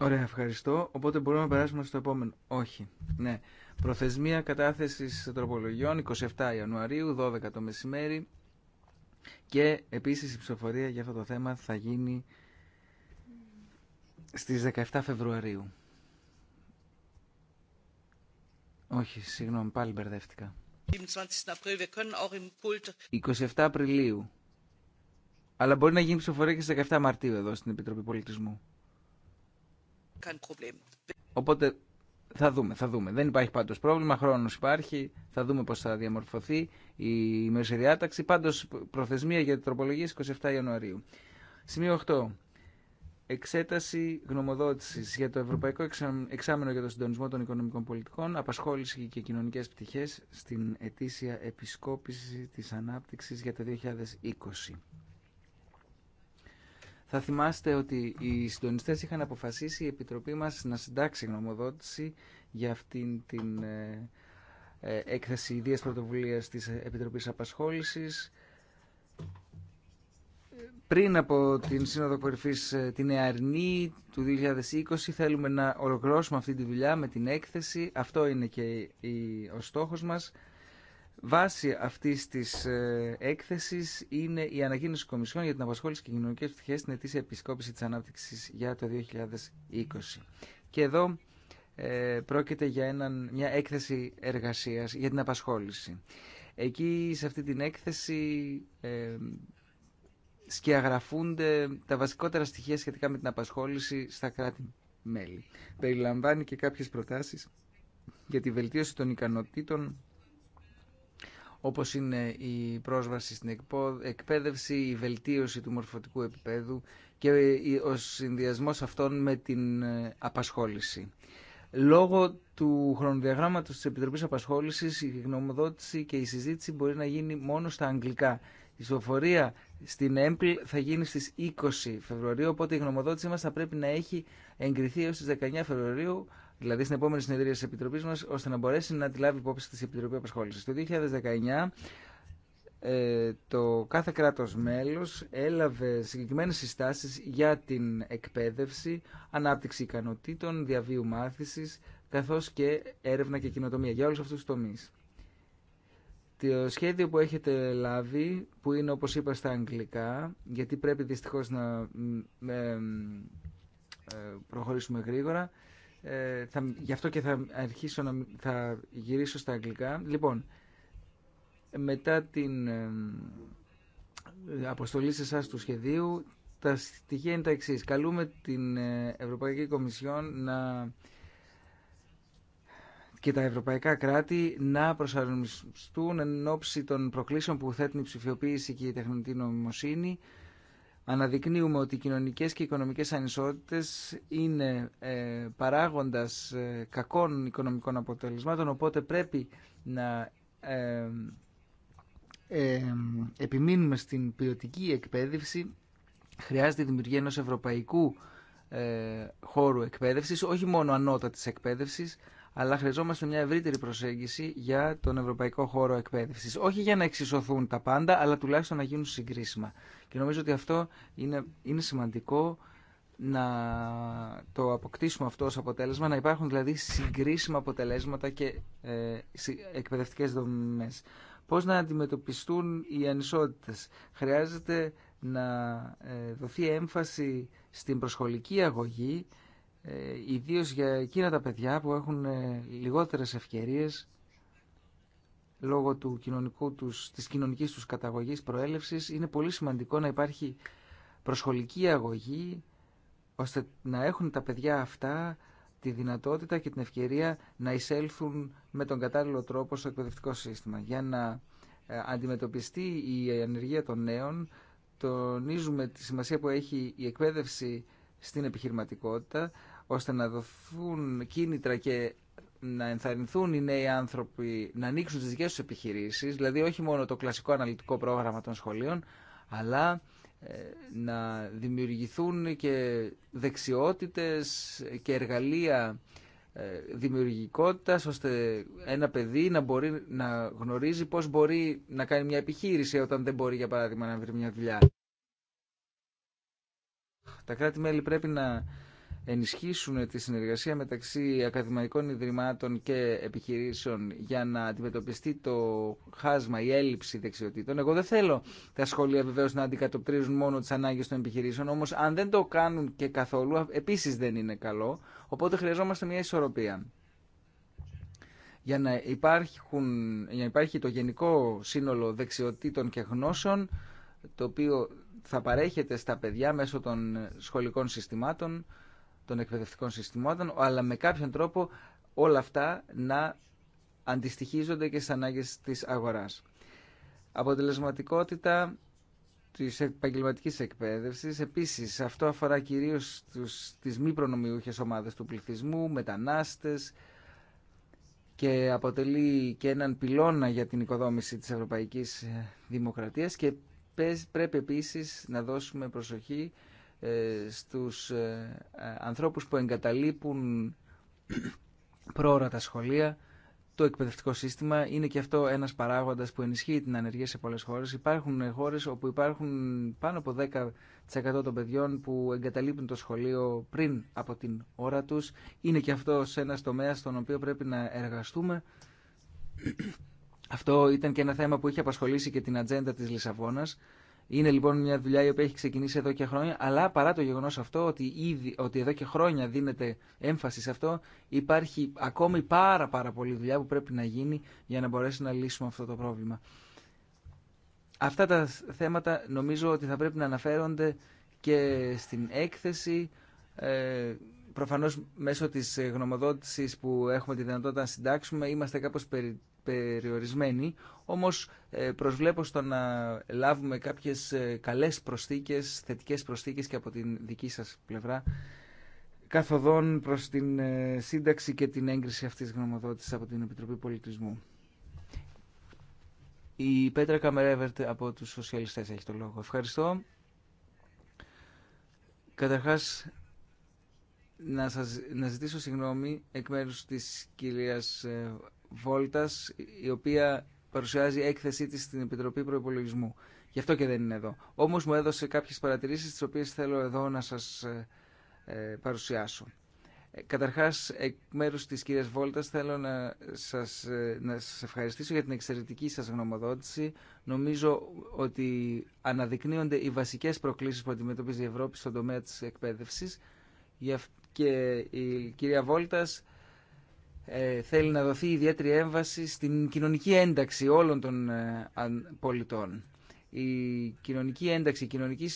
Ωραία, ευχαριστώ. Οπότε μπορούμε να περάσουμε στο επόμενο. Όχι. Ναι. Προθεσμία κατάθεσης τροπολογιών 27 Ιανουαρίου, 12 το μεσημέρι. Και επίσης η ψηφοφορία για αυτό το θέμα θα γίνει στις 17 Φεβρουαρίου. Όχι, συγγνώμη, πάλι μπερδεύτηκα. 27 Απριλίου. Αλλά μπορεί να γίνει ψηφοφορία και στις 17 Μαρτίου εδώ στην Επιτροπή Πολιτισμού. Οπότε θα δούμε, θα δούμε. Δεν υπάρχει πάντω πρόβλημα, χρόνο υπάρχει, θα δούμε πώ θα διαμορφωθεί η ημερήσια διάταξη. Πάντω προθεσμία για τροπολογίε 27 Ιανουαρίου. Σημείο 8. Εξέταση γνωμοδότηση για το Ευρωπαϊκό Εξάμενο για το Συντονισμό των Οικονομικών Πολιτικών, Απασχόληση και Κοινωνικέ Πτυχέ στην ετήσια επισκόπηση τη ανάπτυξη για το 2020. Θα θυμάστε ότι οι συντονιστέ είχαν αποφασίσει η Επιτροπή μας να συντάξει γνωμοδότηση για αυτήν την ε, ε, έκθεση ιδίας πρωτοβουλίας της Επιτροπής Απασχόλησης πριν από την Σύνοδο Κορυφή ε, την Εαρνή του 2020 θέλουμε να ολοκληρώσουμε αυτή τη δουλειά με την έκθεση. Αυτό είναι και ο στόχος μας. Βάση αυτή τη ε, έκθεση είναι η ανακοίνωση Κομισιόν για την απασχόληση και κοινωνικέ πτυχέ στην ετήσια επισκόπηση τη ανάπτυξη για το 2020. Και εδώ ε, πρόκειται για έναν, μια έκθεση εργασίας για την απασχόληση. Εκεί σε αυτή την έκθεση ε, σκιαγραφούνται τα βασικότερα στοιχεία σχετικά με την απασχόληση στα κράτη-μέλη. Περιλαμβάνει και κάποιες προτάσεις για τη βελτίωση των ικανοτήτων όπως είναι η πρόσβαση στην εκπαίδευση, η βελτίωση του μορφωτικού επίπεδου και ε, ο συνδυασμός αυτών με την ε, απασχόληση. Λόγω του χρονοδιαγράμματος της Επιτροπής Απασχόλησης, η γνωμοδότηση και η συζήτηση μπορεί να γίνει μόνο στα αγγλικά. Η ισοφορία στην ΕΜΠΛ θα γίνει στις 20 Φεβρουαρίου, οπότε η γνωμοδότησή μας θα πρέπει να έχει εγκριθεί έως τις 19 Φεβρουαρίου, δηλαδή στην επόμενη συνεδρία τη Επιτροπή μα, ώστε να μπορέσει να τη λάβει υπόψη τη Επιτροπή Απασχόληση. Το 2019 ε, το κάθε κράτο μέλος έλαβε συγκεκριμένες συστάσεις για την εκπαίδευση, ανάπτυξη ικανοτήτων, διαβίου μάθηση, καθώς και έρευνα και κοινοτομία για όλους αυτούς τους τομείς. Το σχέδιο που έχετε λάβει, που είναι όπως είπα στα αγγλικά, γιατί πρέπει δυστυχώς να ε, ε, προχωρήσουμε γρήγορα, ε, γι' αυτό και θα αρχίσω να θα γυρίσω στα αγγλικά. Λοιπόν, μετά την ε, αποστολή σε εσά του σχεδίου, τα στοιχεία είναι τα εξή. Καλούμε την ε, Ευρωπαϊκή Κομισιόν να και τα ευρωπαϊκά κράτη να προσαρμοστούν εν ώψη των προκλήσεων που θέτουν η ψηφιοποίηση και η τεχνητή νομιμοσύνη αναδεικνύουμε ότι οι κοινωνικές και οικονομικές ανισότητες είναι ε, παράγοντας ε, κακών οικονομικών αποτελεσμάτων, οπότε πρέπει να ε, επιμείνουμε στην ποιοτική εκπαίδευση. Χρειάζεται η δημιουργία ενός ευρωπαϊκού χώρου εκπαίδευσης, όχι μόνο ανώτατης εκπαίδευσης, αλλά χρειαζόμαστε μια ευρύτερη προσέγγιση για τον ευρωπαϊκό χώρο εκπαίδευση. Όχι για να εξισωθούν τα πάντα, αλλά τουλάχιστον να γίνουν συγκρίσιμα. Και νομίζω ότι αυτό είναι, είναι σημαντικό να το αποκτήσουμε αυτό ως αποτέλεσμα, να υπάρχουν δηλαδή συγκρίσιμα αποτελέσματα και ε, εκπαιδευτικές δομές. Πώς να αντιμετωπιστούν οι ανισότητες. Χρειάζεται να ε, δοθεί έμφαση στην προσχολική αγωγή, ε, ιδίως για εκείνα τα παιδιά που έχουν ε, λιγότερες ευκαιρίες λόγω του κοινωνικού τους, της κοινωνικής τους καταγωγής προέλευσης είναι πολύ σημαντικό να υπάρχει προσχολική αγωγή ώστε να έχουν τα παιδιά αυτά τη δυνατότητα και την ευκαιρία να εισέλθουν με τον κατάλληλο τρόπο στο εκπαιδευτικό σύστημα. Για να ε, αντιμετωπιστεί η ανεργία των νέων, τονίζουμε τη σημασία που έχει η εκπαίδευση στην επιχειρηματικότητα, ώστε να δοθούν κίνητρα και να ενθαρρυνθούν οι νέοι άνθρωποι να ανοίξουν τις δικές τους επιχειρήσεις, δηλαδή όχι μόνο το κλασικό αναλυτικό πρόγραμμα των σχολείων, αλλά ε, να δημιουργηθούν και δεξιότητες και εργαλεία ε, δημιουργικότητας ώστε ένα παιδί να μπορεί να γνωρίζει πώς μπορεί να κάνει μια επιχείρηση όταν δεν μπορεί για παράδειγμα να βρει μια δουλειά. Τα κράτη-μέλη πρέπει να ενισχύσουν τη συνεργασία μεταξύ ακαδημαϊκών ιδρυμάτων και επιχειρήσεων για να αντιμετωπιστεί το χάσμα, η έλλειψη δεξιοτήτων. Εγώ δεν θέλω τα σχολεία βεβαίω να αντικατοπτρίζουν μόνο τι ανάγκε των επιχειρήσεων, όμω αν δεν το κάνουν και καθόλου, επίση δεν είναι καλό. Οπότε χρειαζόμαστε μια ισορροπία. Για να, υπάρχουν, για να υπάρχει το γενικό σύνολο δεξιοτήτων και γνώσεων, το οποίο θα παρέχεται στα παιδιά μέσω των σχολικών συστημάτων των εκπαιδευτικών συστημάτων, αλλά με κάποιον τρόπο όλα αυτά να αντιστοιχίζονται και στις ανάγκες της αγοράς. Αποτελεσματικότητα της επαγγελματική εκπαίδευσης. Επίσης, αυτό αφορά κυρίως τους, τις μη προνομιούχες ομάδες του πληθυσμού, μετανάστες και αποτελεί και έναν πυλώνα για την οικοδόμηση της ευρωπαϊκής δημοκρατίας και πρέπει επίσης να δώσουμε προσοχή ε, στους ε, ανθρώπους που εγκαταλείπουν πρόωρα τα σχολεία, το εκπαιδευτικό σύστημα είναι και αυτό ένας παράγοντας που ενισχύει την ανεργία σε πολλές χώρες. Υπάρχουν χώρες όπου υπάρχουν πάνω από 10% των παιδιών που εγκαταλείπουν το σχολείο πριν από την ώρα τους. Είναι και αυτό ένα τομέας στον οποίο πρέπει να εργαστούμε. Αυτό ήταν και ένα θέμα που είχε απασχολήσει και την ατζέντα της Λισαβόνας είναι λοιπόν μια δουλειά η οποία έχει ξεκινήσει εδώ και χρόνια, αλλά παρά το γεγονός αυτό ότι, ήδη, ότι εδώ και χρόνια δίνεται έμφαση σε αυτό, υπάρχει ακόμη πάρα πάρα πολλή δουλειά που πρέπει να γίνει για να μπορέσει να λύσουμε αυτό το πρόβλημα. Αυτά τα θέματα νομίζω ότι θα πρέπει να αναφέρονται και στην έκθεση, ε, προφανώς μέσω της γνωμοδότησης που έχουμε τη δυνατότητα να συντάξουμε, είμαστε κάπως περί περιορισμένη, όμως ε, προσβλέπω στο να λάβουμε κάποιες ε, καλές προσθήκες, θετικές προσθήκες και από την δική σας πλευρά, καθοδόν προς την ε, σύνταξη και την έγκριση αυτής της γνωμοδότησης από την Επιτροπή Πολιτισμού. Η Πέτρα Καμερέβερτ από τους Σοσιαλιστές έχει το λόγο. Ευχαριστώ. Καταρχάς, να, σας, ζητήσω συγγνώμη εκ μέρους της κυρίας η οποία παρουσιάζει έκθεσή τη στην Επιτροπή προπολογισμού. Γι' αυτό και δεν είναι εδώ. Όμω μου έδωσε κάποιε παρατηρήσει τι οποίε θέλω εδώ να σας ε, ε, παρουσιάσω. Ε, Καταρχά, εκ μέρου τη κύρια Βόλτα, θέλω να σα να σας ευχαριστήσω για την εξαιρετική σα γνωμοδότηση. Νομίζω ότι αναδεικνύονται οι βασικέ προκλήσει που αντιμετωπίζει η Ευρώπη στον τομέα τη εκπαίδευση και η κυρία Βόλτα. Ε, θέλει να δοθεί ιδιαίτερη έμβαση στην κοινωνική ένταξη όλων των ε, πολιτών. Η κοινωνική ένταξη, η κοινωνική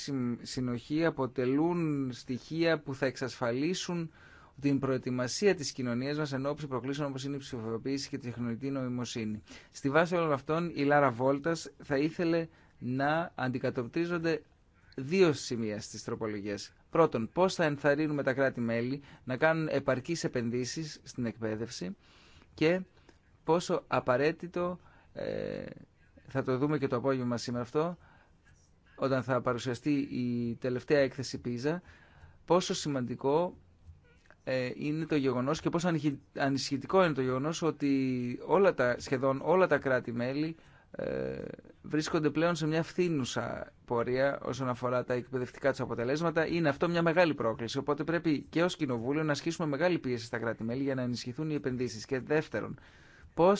συνοχή αποτελούν στοιχεία που θα εξασφαλίσουν την προετοιμασία της κοινωνίας μας ενώ προκλήσεων όπως είναι η ψηφοποίηση και τη τεχνολογική νοημοσύνη. Στη βάση όλων αυτών η Λάρα Βόλτας θα ήθελε να αντικατοπτρίζονται δύο σημεία στις τροπολογίες. Πρώτον, πώς θα ενθαρρύνουμε τα κράτη-μέλη να κάνουν επαρκείς επενδύσεις στην εκπαίδευση και πόσο απαραίτητο, ε, θα το δούμε και το απόγευμα σήμερα αυτό, όταν θα παρουσιαστεί η τελευταία έκθεση πίζα, πόσο σημαντικό ε, είναι το γεγονός και πόσο ανησυχητικό είναι το γεγονός ότι όλα τα, σχεδόν όλα τα κράτη-μέλη ε, βρίσκονται πλέον σε μια φθήνουσα πορεία όσον αφορά τα εκπαιδευτικά του αποτελέσματα. Είναι αυτό μια μεγάλη πρόκληση. Οπότε πρέπει και ω Κοινοβούλιο να ασκήσουμε μεγάλη πίεση στα κράτη-μέλη για να ενισχυθούν οι επενδύσει. Και δεύτερον, πώ.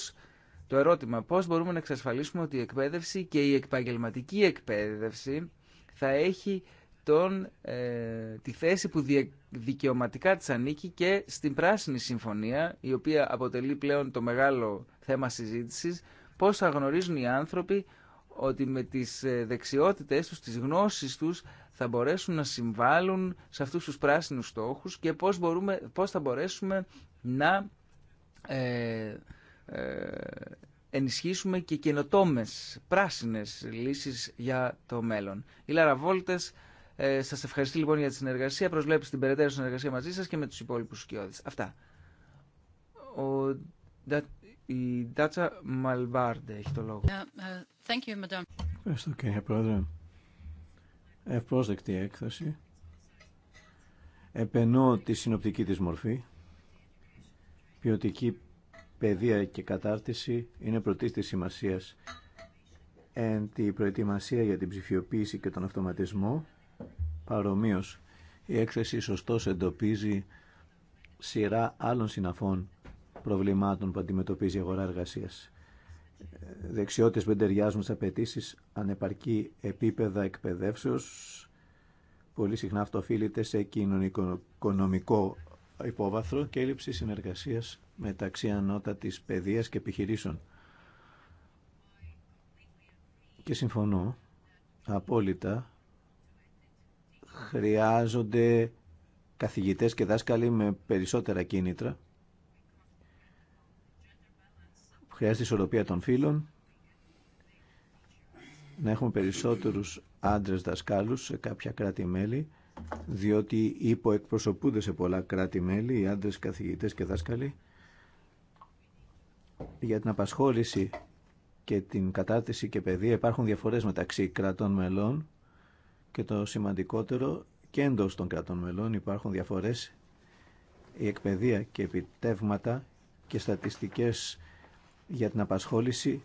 Το ερώτημα, πώς μπορούμε να εξασφαλίσουμε ότι η εκπαίδευση και η επαγγελματική εκπαίδευση θα έχει τον, ε, τη θέση που δικαιωματικά της ανήκει και στην Πράσινη Συμφωνία, η οποία αποτελεί πλέον το μεγάλο θέμα συζήτησης, Πώς θα γνωρίζουν οι άνθρωποι ότι με τις ε, δεξιότητες τους, τις γνώσεις τους θα μπορέσουν να συμβάλλουν σε αυτούς τους πράσινους στόχους και πώς, μπορούμε, πώς θα μπορέσουμε να ε, ε, ενισχύσουμε και καινοτόμες πράσινες λύσεις για το μέλλον. Η Λάρα Βόλτες, ε, σας ευχαριστώ λοιπόν για τη συνεργασία, προσβλέπει την περαιτέρω συνεργασία μαζί σας και με τους υπόλοιπους σκιώδεις. Αυτά. Ο η Ντάτσα Μαλβάρντε έχει το λόγο. Ε, ε, Ευχαριστώ κύριε Πρόεδρε. Ευπρόσδεκτη έκθεση. Επενώ τη συνοπτική της μορφή. Ποιοτική παιδεία και κατάρτιση είναι πρωτής της σημασίας εν τη προετοιμασία για την ψηφιοποίηση και τον αυτοματισμό. Παρομοίως, η έκθεση σωστώς εντοπίζει σειρά άλλων συναφών προβλημάτων που αντιμετωπίζει η αγορά εργασία. Δεξιότητε που δεν ταιριάζουν στι απαιτήσει, ανεπαρκή επίπεδα εκπαιδεύσεω, πολύ συχνά αυτό οφείλεται σε κοινωνικο-οικονομικό υπόβαθρο και έλλειψη συνεργασία μεταξύ ανώτατη παιδεία και επιχειρήσεων. Και συμφωνώ απόλυτα χρειάζονται καθηγητές και δάσκαλοι με περισσότερα κίνητρα Χρειάζεται ισορροπία των φύλων, να έχουμε περισσότερους άντρες δασκάλους σε κάποια κράτη-μέλη, διότι υποεκπροσωπούνται σε πολλά κράτη-μέλη οι άντρες καθηγητές και δάσκαλοι. Για την απασχόληση και την κατάρτιση και παιδεία υπάρχουν διαφορές μεταξύ κρατών μελών και το σημαντικότερο και εντό των κρατών μελών υπάρχουν διαφορές. Η εκπαιδεία και επιτεύγματα και στατιστικές για την απασχόληση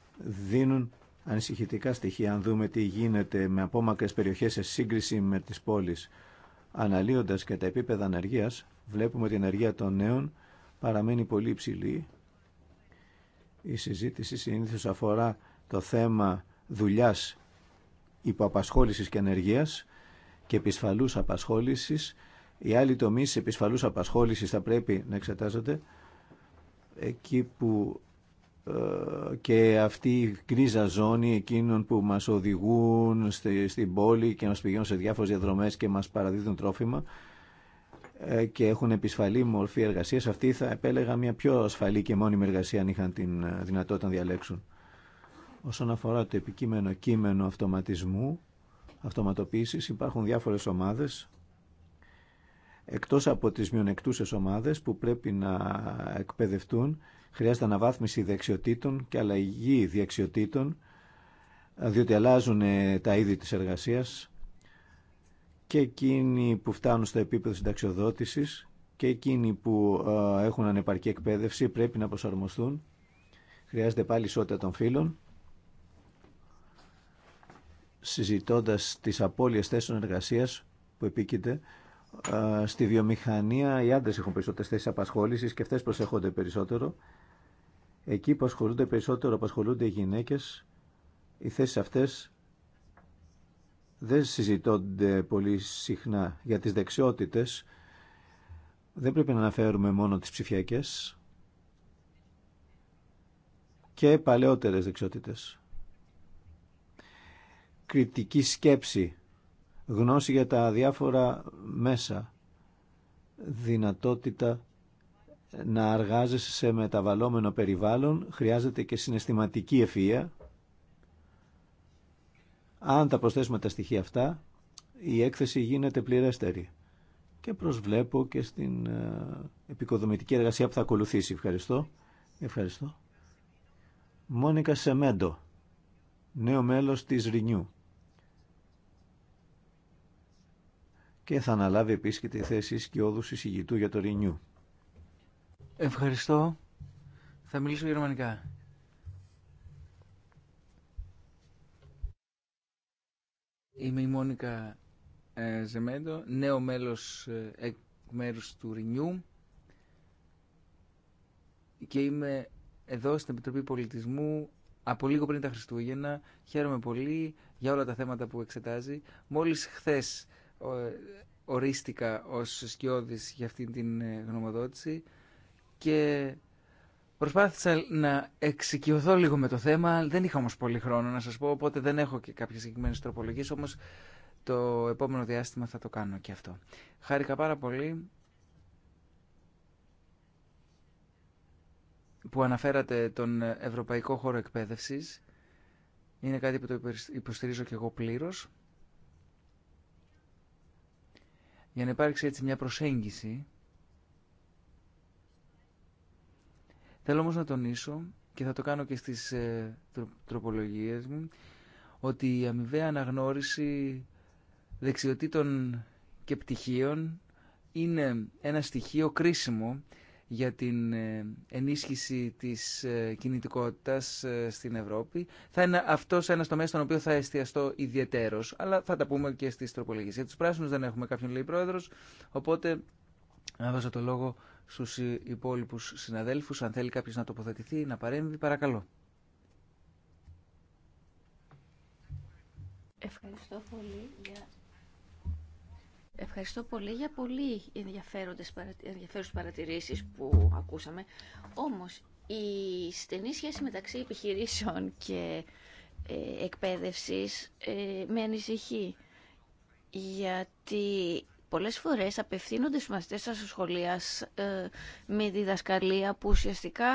δίνουν ανησυχητικά στοιχεία αν δούμε τι γίνεται με απόμακρες περιοχές σε σύγκριση με τις πόλεις. Αναλύοντας και τα επίπεδα ανεργίας, βλέπουμε ότι η ανεργία των νέων παραμένει πολύ υψηλή. Η συζήτηση συνήθως αφορά το θέμα δουλειάς υποαπασχόλησης και ενεργίας και επισφαλούς απασχόλησης. Οι άλλοι τομείς επισφαλούς απασχόλησης θα πρέπει να εξετάζονται εκεί που ε, και αυτή η γκρίζα ζώνη εκείνων που μας οδηγούν στη, στην πόλη και μας πηγαίνουν σε διάφορες διαδρομές και μας παραδίδουν τρόφιμα ε, και έχουν επισφαλή μορφή εργασίας, αυτή θα επέλεγα μια πιο ασφαλή και μόνιμη εργασία αν είχαν την ε, δυνατότητα να διαλέξουν. Όσον αφορά το επικείμενο κείμενο αυτοματισμού, αυτοματοποίησης, υπάρχουν διάφορες ομάδες εκτός από τις μειονεκτούσες ομάδες που πρέπει να εκπαιδευτούν Χρειάζεται αναβάθμιση δεξιοτήτων και αλλαγή δεξιοτήτων, διότι αλλάζουν ε, τα είδη της εργασίας και εκείνοι που φτάνουν στο επίπεδο συνταξιοδότησης και εκείνοι που ε, έχουν ανεπαρκή εκπαίδευση πρέπει να προσαρμοστούν. Χρειάζεται πάλι ισότητα των φύλων. Συζητώντας τις απώλειες θέσεων εργασίας που επίκειται, ε, στη βιομηχανία οι άντρες έχουν περισσότερες θέσεις απασχόληση και αυτέ προσέχονται περισσότερο. Εκεί που ασχολούνται περισσότερο, απασχολούνται οι γυναίκες, οι θέσεις αυτές δεν συζητώνται πολύ συχνά για τις δεξιότητες. Δεν πρέπει να αναφέρουμε μόνο τις ψηφιακές και παλαιότερες δεξιότητες. Κριτική σκέψη, γνώση για τα διάφορα μέσα, δυνατότητα να αργάζεσαι σε μεταβαλλόμενο περιβάλλον, χρειάζεται και συναισθηματική ευφυΐα. Αν τα προσθέσουμε τα στοιχεία αυτά, η έκθεση γίνεται πληρέστερη. Και προσβλέπω και στην ε, επικοδομητική εργασία που θα ακολουθήσει. Ευχαριστώ. Ευχαριστώ. Μόνικα Σεμέντο, νέο μέλος της Ρινιού. Και θα αναλάβει επίσης και τη θέση σκιώδου για το Ρινιού. Ευχαριστώ. Θα μιλήσω γερμανικά. Είμαι η Μόνικα ε, Ζεμέντο, νέο μέλος ε, εκ μέρους του Renew και είμαι εδώ στην Επιτροπή Πολιτισμού από λίγο πριν τα Χριστούγεννα. Χαίρομαι πολύ για όλα τα θέματα που εξετάζει. Μόλις χθες ε, ορίστηκα ως σκιώδης για αυτήν την γνωμοδότηση και προσπάθησα να εξοικειωθώ λίγο με το θέμα, δεν είχα όμως πολύ χρόνο να σας πω, οπότε δεν έχω και κάποιες συγκεκριμένε τροπολογίες, όμως το επόμενο διάστημα θα το κάνω και αυτό. Χάρηκα πάρα πολύ που αναφέρατε τον Ευρωπαϊκό Χώρο Εκπαίδευσης. Είναι κάτι που το υποστηρίζω και εγώ πλήρως. Για να υπάρξει έτσι μια προσέγγιση Θέλω όμως να τονίσω και θα το κάνω και στις ε, τροπολογίες μου ότι η αμοιβαία αναγνώριση δεξιοτήτων και πτυχίων είναι ένα στοιχείο κρίσιμο για την ε, ενίσχυση της ε, κινητικότητας στην Ευρώπη. Θα είναι αυτός ένας τομέας στον οποίο θα εστιαστώ ιδιαιτέρως, αλλά θα τα πούμε και στις τροπολογίες. Για τους πράσινους δεν έχουμε κάποιον λέει πρόεδρος, οπότε να δώσω το λόγο στους ε, υπόλοιπους συναδέλφους. Αν θέλει κάποιος να τοποθετηθεί, να παρέμβει, παρακαλώ. Ευχαριστώ πολύ για... Ευχαριστώ πολύ για πολύ ενδιαφέροντες ενδιαφέρουσες παρατηρήσεις που ακούσαμε. Όμως, η στενή σχέση μεταξύ επιχειρήσεων και ε, εκπαίδευσης ε, με ανησυχεί. Γιατί πολλές φορές απευθύνονται στους μαθητές σας σχολεία ε, με διδασκαλία που ουσιαστικά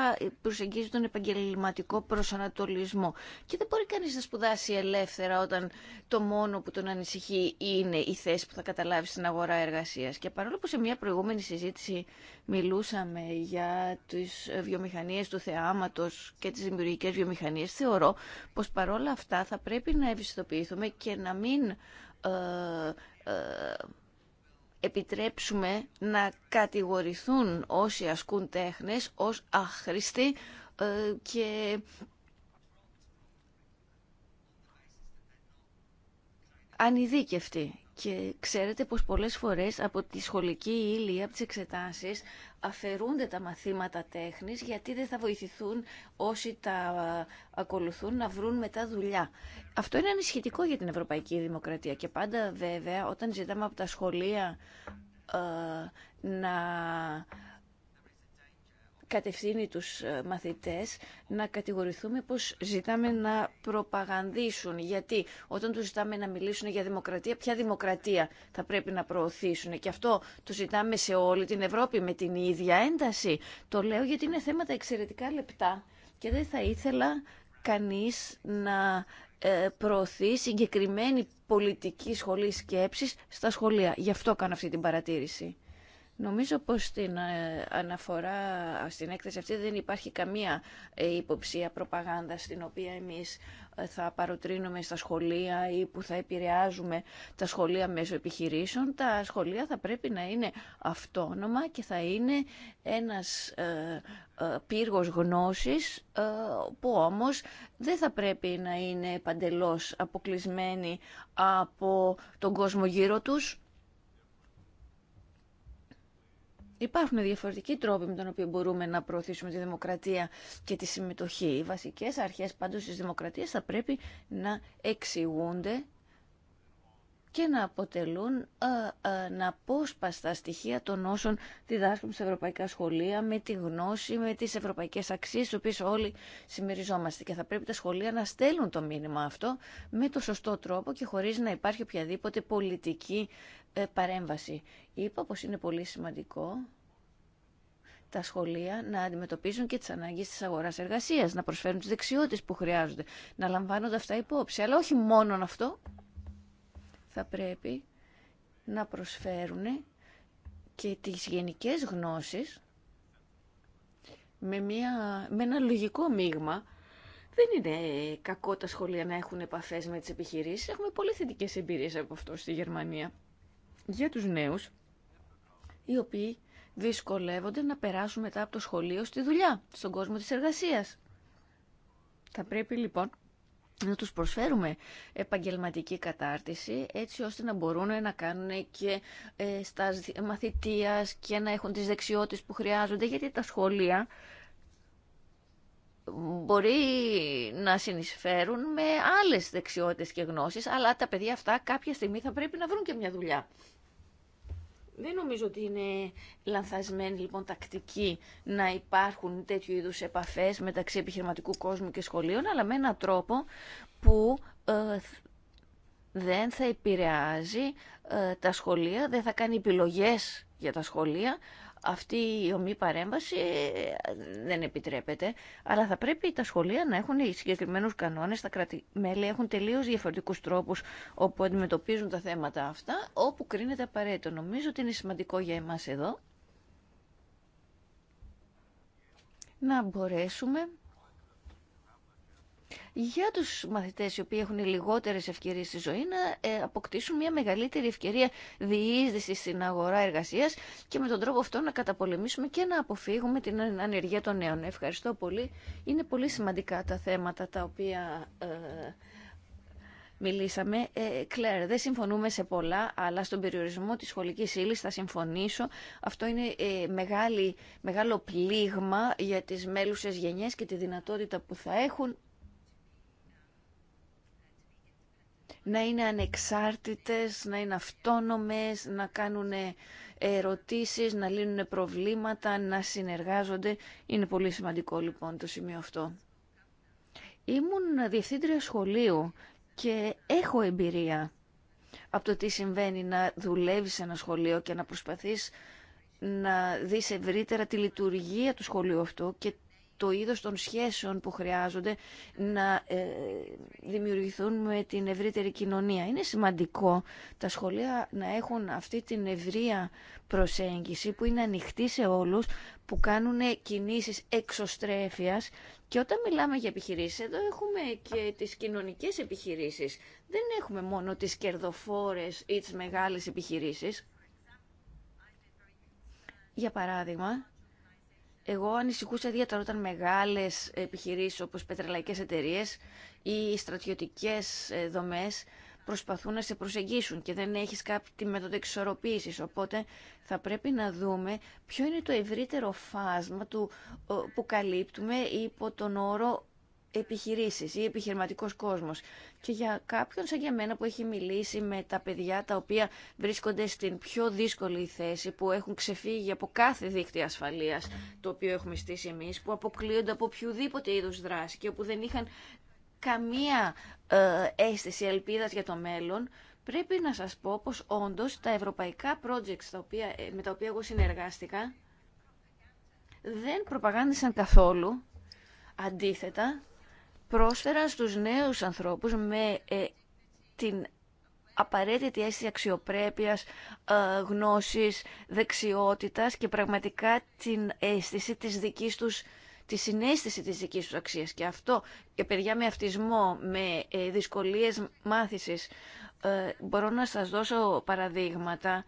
προσεγγίζει τον επαγγελματικό προσανατολισμό. Και δεν μπορεί κανείς να σπουδάσει ελεύθερα όταν το μόνο που τον ανησυχεί είναι η θέση που θα καταλάβει στην αγορά εργασίας. Και παρόλο που σε μια προηγούμενη συζήτηση μιλούσαμε για τις βιομηχανίες του θεάματος και τις δημιουργικές βιομηχανίες, θεωρώ πως παρόλα αυτά θα πρέπει να ευαισθητοποιηθούμε και να μην... ε, ε επιτρέψουμε να κατηγορηθούν όσοι ασκούν τέχνες ως αχρηστοί ε, και ανειδίκευτοι. Και ξέρετε πως πολλές φορές από τη σχολική ύλη, από τις εξετάσεις, αφαιρούνται τα μαθήματα τέχνης γιατί δεν θα βοηθηθούν όσοι τα ακολουθούν να βρουν μετά δουλειά. Αυτό είναι ανησυχητικό για την Ευρωπαϊκή Δημοκρατία και πάντα βέβαια όταν ζητάμε από τα σχολεία ε, να κατευθύνει τους ε, μαθητές να κατηγορηθούμε πως ζητάμε να προπαγανδίσουν. Γιατί όταν τους ζητάμε να μιλήσουν για δημοκρατία, ποια δημοκρατία θα πρέπει να προωθήσουν. Και αυτό το ζητάμε σε όλη την Ευρώπη με την ίδια ένταση. Το λέω γιατί είναι θέματα εξαιρετικά λεπτά και δεν θα ήθελα κανείς να ε, προωθεί συγκεκριμένη πολιτική σχολή σκέψης στα σχολεία. Γι' αυτό κάνω αυτή την παρατήρηση. Νομίζω πως στην ε, αναφορά, στην έκθεση αυτή δεν υπάρχει καμία ε, υποψία προπαγάνδα στην οποία εμείς ε, θα παροτρύνουμε στα σχολεία ή που θα επηρεάζουμε τα σχολεία μέσω επιχειρήσεων. Τα σχολεία θα πρέπει να είναι αυτόνομα και θα είναι ένας πύργος γνώσης που όμως δεν θα πρέπει να είναι παντελώς αποκλεισμένοι από τον κόσμο γύρω τους Υπάρχουν διαφορετικοί τρόποι με τον οποίο μπορούμε να προωθήσουμε τη δημοκρατία και τη συμμετοχή. Οι βασικές αρχές πάντως της δημοκρατίας θα πρέπει να εξηγούνται και να αποτελούν ε, ε, να πόσπαστα στοιχεία των όσων διδάσκουμε σε ευρωπαϊκά σχολεία με τη γνώση, με τις ευρωπαϊκές αξίες τις οποίες όλοι συμμεριζόμαστε και θα πρέπει τα σχολεία να στέλνουν το μήνυμα αυτό με το σωστό τρόπο και χωρίς να υπάρχει οποιαδήποτε πολιτική ε, παρέμβαση. Είπα πως είναι πολύ σημαντικό τα σχολεία να αντιμετωπίζουν και τις ανάγκες της αγοράς εργασίας, να προσφέρουν τις δεξιότητες που χρειάζονται, να λαμβάνονται αυτά υπόψη. Αλλά όχι μόνο αυτό, θα πρέπει να προσφέρουν και τις γενικές γνώσεις με, μια, με ένα λογικό μείγμα. Δεν είναι κακό τα σχολεία να έχουν επαφές με τις επιχειρήσεις. Έχουμε πολύ θετικές εμπειρίες από αυτό στη Γερμανία. Για τους νέους, οι οποίοι δυσκολεύονται να περάσουν μετά από το σχολείο στη δουλειά, στον κόσμο της εργασίας. Θα πρέπει λοιπόν να τους προσφέρουμε επαγγελματική κατάρτιση έτσι ώστε να μπορούν να κάνουν και ε, στα μαθητείας και να έχουν τις δεξιότητες που χρειάζονται γιατί τα σχολεία μπορεί να συνεισφέρουν με άλλες δεξιότητες και γνώσεις αλλά τα παιδιά αυτά κάποια στιγμή θα πρέπει να βρουν και μια δουλειά. Δεν νομίζω ότι είναι λανθασμένη λοιπόν τακτική να υπάρχουν τέτοιου είδους επαφές μεταξύ επιχειρηματικού κόσμου και σχολείων, αλλά με έναν τρόπο που ε, δεν θα επηρεάζει ε, τα σχολεία, δεν θα κάνει επιλογές για τα σχολεία, αυτή η ομή παρέμβαση ε, δεν επιτρέπεται, αλλά θα πρέπει τα σχολεία να έχουν συγκεκριμένου κανόνε. Τα κράτη-μέλη έχουν τελείω διαφορετικού τρόπου όπου αντιμετωπίζουν τα θέματα αυτά, όπου κρίνεται απαραίτητο. Νομίζω ότι είναι σημαντικό για εμά εδώ να μπορέσουμε για τους μαθητές οι οποίοι έχουν λιγότερες ευκαιρίες στη ζωή να ε, αποκτήσουν μια μεγαλύτερη ευκαιρία διείσδυσης στην αγορά εργασίας και με τον τρόπο αυτό να καταπολεμήσουμε και να αποφύγουμε την ανεργία των νέων. Ευχαριστώ πολύ. Είναι πολύ σημαντικά τα θέματα τα οποία... Ε, μιλήσαμε. Ε, Κλέρ, δεν συμφωνούμε σε πολλά, αλλά στον περιορισμό της σχολικής ύλη θα συμφωνήσω. Αυτό είναι ε, μεγάλο πλήγμα για τις μέλουσες γενιές και τη δυνατότητα που θα έχουν να είναι ανεξάρτητες, να είναι αυτόνομες, να κάνουν ερωτήσεις, να λύνουν προβλήματα, να συνεργάζονται. Είναι πολύ σημαντικό λοιπόν το σημείο αυτό. Ήμουν διευθύντρια σχολείου και έχω εμπειρία από το τι συμβαίνει να δουλεύεις σε ένα σχολείο και να προσπαθείς να δεις ευρύτερα τη λειτουργία του σχολείου αυτού και το είδος των σχέσεων που χρειάζονται να ε, δημιουργηθούν με την ευρύτερη κοινωνία. Είναι σημαντικό τα σχολεία να έχουν αυτή την ευρεία προσέγγιση που είναι ανοιχτή σε όλους, που κάνουν κινήσεις εξωστρέφειας και όταν μιλάμε για επιχειρήσεις, εδώ έχουμε και τις κοινωνικές επιχειρήσεις. Δεν έχουμε μόνο τις κερδοφόρες ή τις μεγάλες επιχειρήσεις. Για παράδειγμα, εγώ ανησυχούσα ιδιαίτερα όταν μεγάλες επιχειρήσεις όπως πετρελαϊκές εταιρείε ή στρατιωτικές ε, δομές προσπαθούν να σε προσεγγίσουν και δεν έχεις κάποια μέθοδο εξορροπήσης. Οπότε θα πρέπει να δούμε ποιο είναι το ευρύτερο φάσμα του, που καλύπτουμε υπό τον όρο επιχειρήσει ή επιχειρηματικό κόσμο. Και για κάποιον σαν για μένα που έχει μιλήσει με τα παιδιά τα οποία βρίσκονται στην πιο δύσκολη θέση, που έχουν ξεφύγει από κάθε δίκτυο ασφαλεία το οποίο έχουμε στήσει εμεί, που αποκλείονται από οποιοδήποτε είδους δράση και όπου δεν είχαν καμία ε, αίσθηση ελπίδα για το μέλλον, πρέπει να σας πω πως όντως τα ευρωπαϊκά projects τα οποία, ε, με τα οποία εγώ συνεργάστηκα δεν προπαγάνδισαν καθόλου. Αντίθετα, πρόσφεραν στους νέους ανθρώπους με ε, την απαραίτητη αίσθηση αξιοπρέπειας, ε, γνώσης, δεξιότητας και πραγματικά την αίσθηση της δικής τους τη συνέστηση της δικής τους αξίας και αυτό και παιδιά με αυτισμό, με ε, δυσκολίες μάθησης ε, μπορώ να σας δώσω παραδείγματα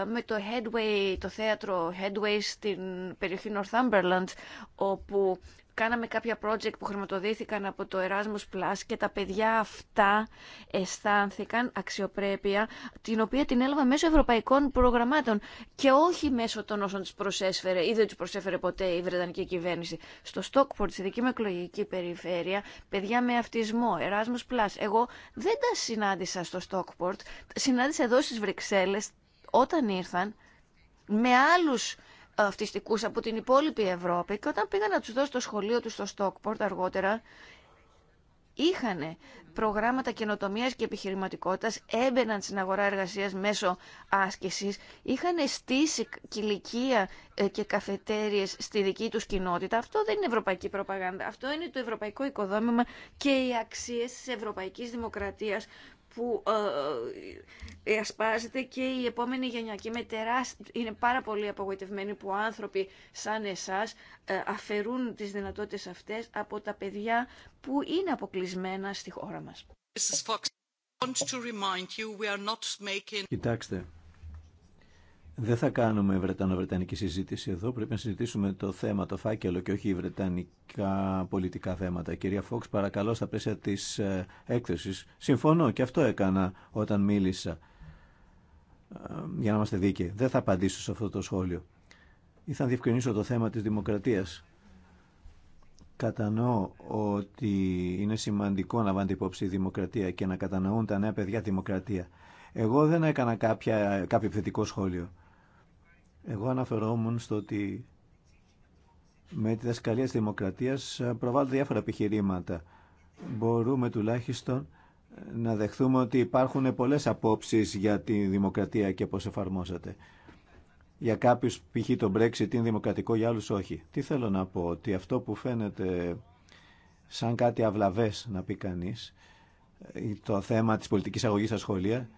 ε, με το Headway, το θέατρο Headway στην περιοχή Northumberland όπου κάναμε κάποια project που χρηματοδοτήθηκαν από το Erasmus Plus και τα παιδιά αυτά αισθάνθηκαν αξιοπρέπεια, την οποία την έλαβα μέσω ευρωπαϊκών προγραμμάτων και όχι μέσω των όσων τους προσέφερε ή δεν του προσέφερε ποτέ η Βρετανική κυβέρνηση. Στο Stockport, στη δική μου εκλογική περιφέρεια, παιδιά με αυτισμό, Erasmus Plus, εγώ δεν τα συνάντησα στο Stockport, συνάντησα εδώ στι Βρυξέλλε όταν ήρθαν με άλλους αυτιστικούς από την υπόλοιπη Ευρώπη και όταν πήγαν να τους δώσουν το σχολείο τους στο Στόκπορτ αργότερα είχαν προγράμματα καινοτομίας και επιχειρηματικότητας, έμπαιναν στην αγορά εργασίας μέσω άσκησης, είχαν στήσει κηλικία ε, και καφετέριες στη δική τους κοινότητα. Αυτό δεν είναι ευρωπαϊκή προπαγάνδα, αυτό είναι το ευρωπαϊκό οικοδόμημα και οι αξίες της ευρωπαϊκής δημοκρατίας που ε, ε, ασπάζεται και η επόμενη γενιά. Και με είναι πάρα πολύ απογοητευμένοι που άνθρωποι σαν εσάς ε, αφαιρούν τις δυνατότητες αυτές από τα παιδιά που είναι αποκλεισμένα στη χώρα μας. Κοιτάξτε, δεν θα κάνουμε Βρετανο-Βρετανική συζήτηση εδώ. Πρέπει να συζητήσουμε το θέμα, το φάκελο και όχι οι βρετανικά πολιτικά θέματα. Κυρία Φόξ, παρακαλώ στα πλαίσια τη ε, έκθεση. Συμφωνώ και αυτό έκανα όταν μίλησα. Ε, για να είμαστε δίκαιοι. Δεν θα απαντήσω σε αυτό το σχόλιο. Ήθελα να διευκρινίσω το θέμα τη δημοκρατία. Κατανοώ ότι είναι σημαντικό να βάλετε υπόψη η δημοκρατία και να κατανοούν τα νέα παιδιά δημοκρατία. Εγώ δεν έκανα κάποια, κάποιο επιθετικό σχόλιο. Εγώ αναφερόμουν στο ότι με τη δασκαλία της δημοκρατίας προβάλλονται διάφορα επιχειρήματα. Μπορούμε τουλάχιστον να δεχθούμε ότι υπάρχουν πολλές απόψεις για τη δημοκρατία και πώς εφαρμόζεται. Για κάποιους π.χ. το Brexit είναι δημοκρατικό, για άλλους όχι. Τι θέλω να πω, ότι αυτό που φαίνεται σαν κάτι αυλαβές να πει κανείς, ε, το θέμα της πολιτικής αγωγής στα σχολεία,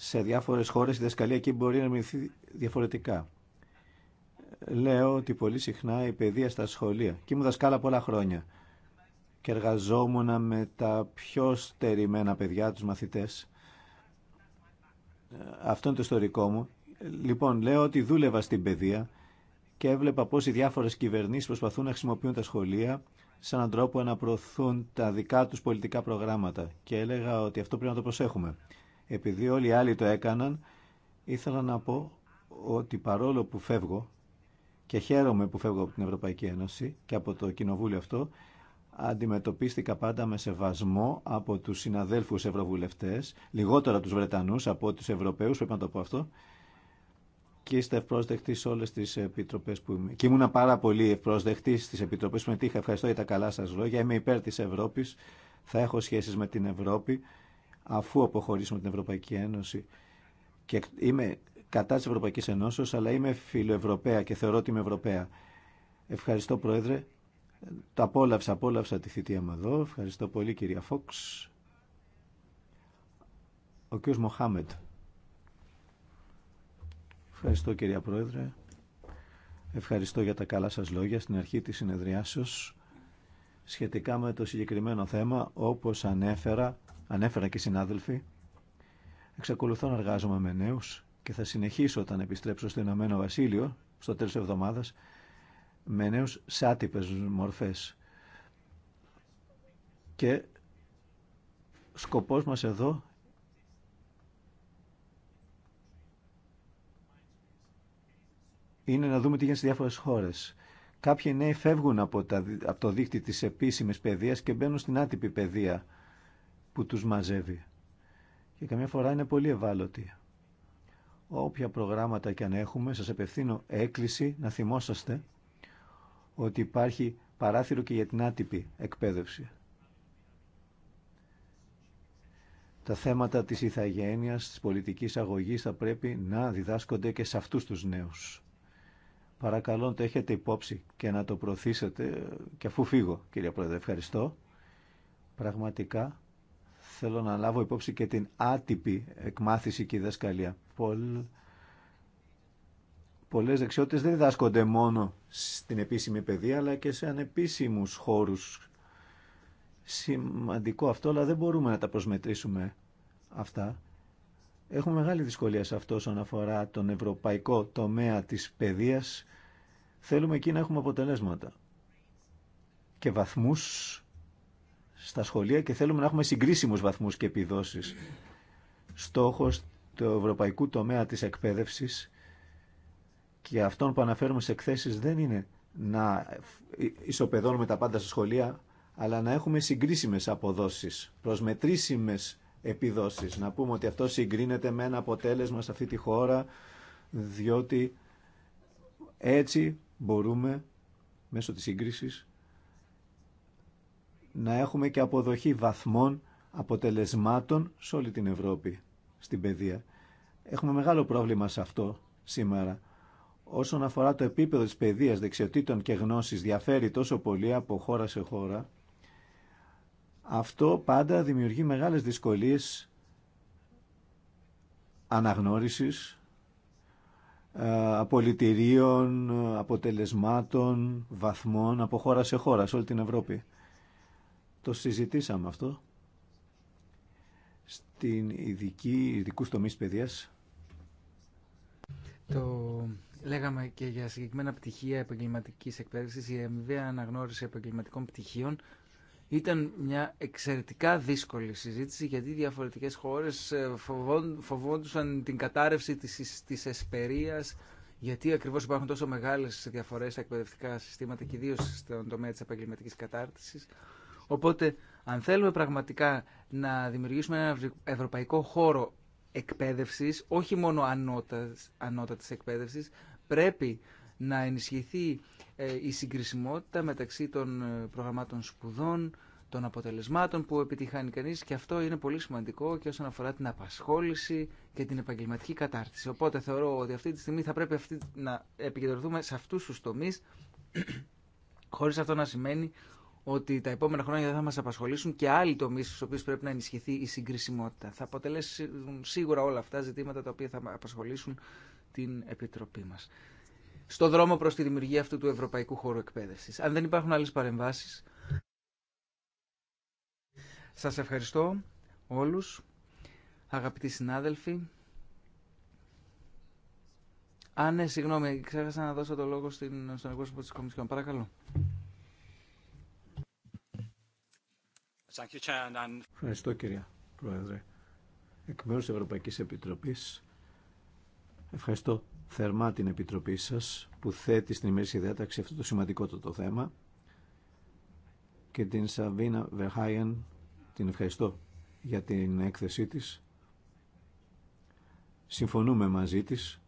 σε διάφορες χώρες η δασκαλία εκεί μπορεί να μιλήσει διαφορετικά. Λέω ότι πολύ συχνά η παιδεία στα σχολεία. Και ήμουν δασκάλα πολλά χρόνια. Και εργαζόμουν με τα πιο στερημένα παιδιά, τους μαθητές. Αυτό είναι το ιστορικό μου. Λοιπόν, λέω ότι δούλευα στην παιδεία και έβλεπα πώς οι διάφορες κυβερνήσεις προσπαθούν να χρησιμοποιούν τα σχολεία σαν τρόπο να προωθούν τα δικά τους πολιτικά προγράμματα. Και έλεγα ότι αυτό πρέπει να το προσέχουμε. Επειδή όλοι οι άλλοι το έκαναν, ήθελα να πω ότι παρόλο που φεύγω και χαίρομαι που φεύγω από την Ευρωπαϊκή Ένωση και από το Κοινοβούλιο αυτό, αντιμετωπίστηκα πάντα με σεβασμό από τους συναδέλφους ευρωβουλευτές, λιγότερα του Βρετανού από του Ευρωπαίου πρέπει να το πω αυτό, και είστε ευπρόσδεκτοι σε όλε τι επιτροπέ που είμαι. Και ήμουν πάρα πολύ ευπρόσδεκτη στι επιτροπέ που μετήχα. Ευχαριστώ για τα καλά σα λόγια. Είμαι υπέρ τη Ευρώπη. Θα έχω σχέσει με την Ευρώπη αφού αποχωρήσουμε την Ευρωπαϊκή Ένωση. Και είμαι κατά της Ευρωπαϊκής Ενώσεως, αλλά είμαι φιλοευρωπαία και θεωρώ ότι είμαι Ευρωπαία. Ευχαριστώ, Πρόεδρε. Τα απόλαυσα, απόλαυσα τη θητεία μου εδώ. Ευχαριστώ πολύ, κυρία Φόξ. Ο κ. Μοχάμετ. Ευχαριστώ, κυρία Πρόεδρε. Ευχαριστώ για τα καλά σας λόγια στην αρχή της συνεδριάσεως σχετικά με το συγκεκριμένο θέμα, όπως ανέφερα Ανέφερα και οι συνάδελφοι, εξακολουθώ να εργάζομαι με νέου και θα συνεχίσω όταν επιστρέψω στο Ηνωμένο Βασίλειο στο τέλο τη εβδομάδας με σε άτυπε μορφέ. Και σκοπός μας εδώ είναι να δούμε τι γίνεται σε διάφορες χώρες. Κάποιοι νέοι φεύγουν από, από το δίκτυο της επίσημης παιδείας και μπαίνουν στην άτυπη παιδεία που τους μαζεύει. Και καμιά φορά είναι πολύ ευάλωτοι. Όποια προγράμματα και αν έχουμε, σας απευθύνω έκκληση να θυμόσαστε ότι υπάρχει παράθυρο και για την άτυπη εκπαίδευση. Τα θέματα της ηθαγένειας, της πολιτικής αγωγής θα πρέπει να διδάσκονται και σε αυτούς τους νέους. Παρακαλώ να το έχετε υπόψη και να το προωθήσετε και αφού φύγω, κύριε Πρόεδρε. Ευχαριστώ. Πραγματικά θέλω να λάβω υπόψη και την άτυπη εκμάθηση και διδασκαλία. Πολλές δεξιότητες δεν διδάσκονται μόνο στην επίσημη παιδεία, αλλά και σε ανεπίσημους χώρους. Σημαντικό αυτό, αλλά δεν μπορούμε να τα προσμετρήσουμε αυτά. Έχουμε μεγάλη δυσκολία σε αυτό όσον αφορά τον ευρωπαϊκό τομέα της παιδείας. Θέλουμε εκεί να έχουμε αποτελέσματα και βαθμούς στα σχολεία και θέλουμε να έχουμε συγκρίσιμους βαθμούς και επιδόσεις. Στόχος του ευρωπαϊκού τομέα της εκπαίδευσης και αυτόν που αναφέρουμε σε εκθέσεις δεν είναι να ισοπεδώνουμε τα πάντα στα σχολεία, αλλά να έχουμε συγκρίσιμες αποδόσεις, προσμετρήσιμες επιδόσεις. Να πούμε ότι αυτό συγκρίνεται με ένα αποτέλεσμα σε αυτή τη χώρα, διότι έτσι μπορούμε μέσω της σύγκρισης να έχουμε και αποδοχή βαθμών αποτελεσμάτων σε όλη την Ευρώπη στην παιδεία. Έχουμε μεγάλο πρόβλημα σε αυτό σήμερα. Όσον αφορά το επίπεδο της παιδείας, δεξιοτήτων και γνώσης διαφέρει τόσο πολύ από χώρα σε χώρα, αυτό πάντα δημιουργεί μεγάλες δυσκολίες αναγνώρισης, ε, απολυτηρίων, αποτελεσμάτων, βαθμών από χώρα σε χώρα σε όλη την Ευρώπη. Το συζητήσαμε αυτό στην ειδική, ειδικού τομεί παιδεία. Το λέγαμε και για συγκεκριμένα πτυχία επαγγελματική εκπαίδευση, η αμοιβαία αναγνώριση επαγγελματικών πτυχίων ήταν μια εξαιρετικά δύσκολη συζήτηση γιατί διαφορετικές χώρες ε, φοβόντουσαν την κατάρρευση της, της εσπερίας γιατί ακριβώς υπάρχουν τόσο μεγάλες διαφορές στα εκπαιδευτικά συστήματα και ιδίω στον τομέα της επαγγελματική κατάρτιση. Οπότε, αν θέλουμε πραγματικά να δημιουργήσουμε ένα ευρωπαϊκό χώρο εκπαίδευση, όχι μόνο ανώτατη ανώτατης εκπαίδευσης, πρέπει να ενισχυθεί ε, η συγκρισιμότητα μεταξύ των ε, προγραμμάτων σπουδών, των αποτελεσμάτων που επιτυχάνει κανείς και αυτό είναι πολύ σημαντικό και όσον αφορά την απασχόληση και την επαγγελματική κατάρτιση. Οπότε θεωρώ ότι αυτή τη στιγμή θα πρέπει να επικεντρωθούμε σε αυτούς τους τομείς <clears throat> χωρίς αυτό να σημαίνει ότι τα επόμενα χρόνια δεν θα μας απασχολήσουν και άλλοι τομείς στους οποίου πρέπει να ενισχυθεί η συγκρισιμότητα. Θα αποτελέσουν σίγουρα όλα αυτά ζητήματα τα οποία θα απασχολήσουν την Επιτροπή μας. Στο δρόμο προς τη δημιουργία αυτού του Ευρωπαϊκού Χώρου εκπαίδευση. Αν δεν υπάρχουν άλλες παρεμβάσει, Σας ευχαριστώ όλους, αγαπητοί συνάδελφοι. Α, ναι, συγγνώμη, ξέχασα να δώσω το λόγο στην, στον εκπρόσωπο της Κομισιόν. Παρακαλώ. Ευχαριστώ κυρία Πρόεδρε. Εκ μέρους της Ευρωπαϊκής Επιτροπής ευχαριστώ θερμά την Επιτροπή σας που θέτει στην ημερήσια διάταξη αυτό το σημαντικό το θέμα και την Σαβίνα Βεχάιεν την ευχαριστώ για την έκθεσή της. Συμφωνούμε μαζί της.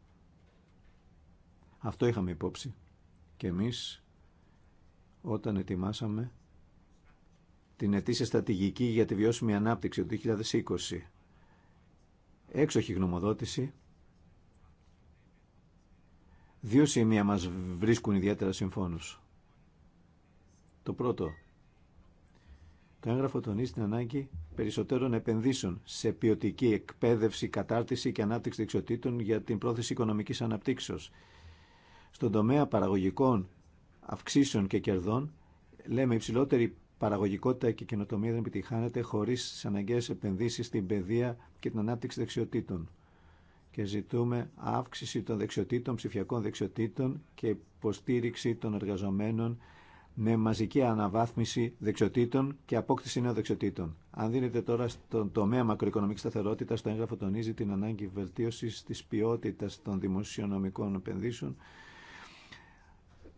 Αυτό είχαμε υπόψη και εμείς όταν ετοιμάσαμε την ετήσια στρατηγική για τη βιώσιμη ανάπτυξη του 2020. Έξοχη γνωμοδότηση. Δύο σημεία μας βρίσκουν ιδιαίτερα συμφώνους. Το πρώτο. Το έγγραφο τονίζει την ανάγκη περισσότερων επενδύσεων σε ποιοτική εκπαίδευση, κατάρτιση και ανάπτυξη δεξιοτήτων για την πρόθεση οικονομικής αναπτύξεως. Στον τομέα παραγωγικών αυξήσεων και κερδών, λέμε υψηλότερη Παραγωγικότητα και καινοτομία δεν επιτυχάνεται χωρί τι αναγκαίε επενδύσει στην παιδεία και την ανάπτυξη δεξιοτήτων. Και ζητούμε αύξηση των δεξιοτήτων, ψηφιακών δεξιοτήτων και υποστήριξη των εργαζομένων με μαζική αναβάθμιση δεξιοτήτων και απόκτηση νέων δεξιοτήτων. Αν δίνετε τώρα στον τομέα μακροοικονομική σταθερότητα, το έγγραφο τονίζει την ανάγκη βελτίωση τη ποιότητα των δημοσιονομικών επενδύσεων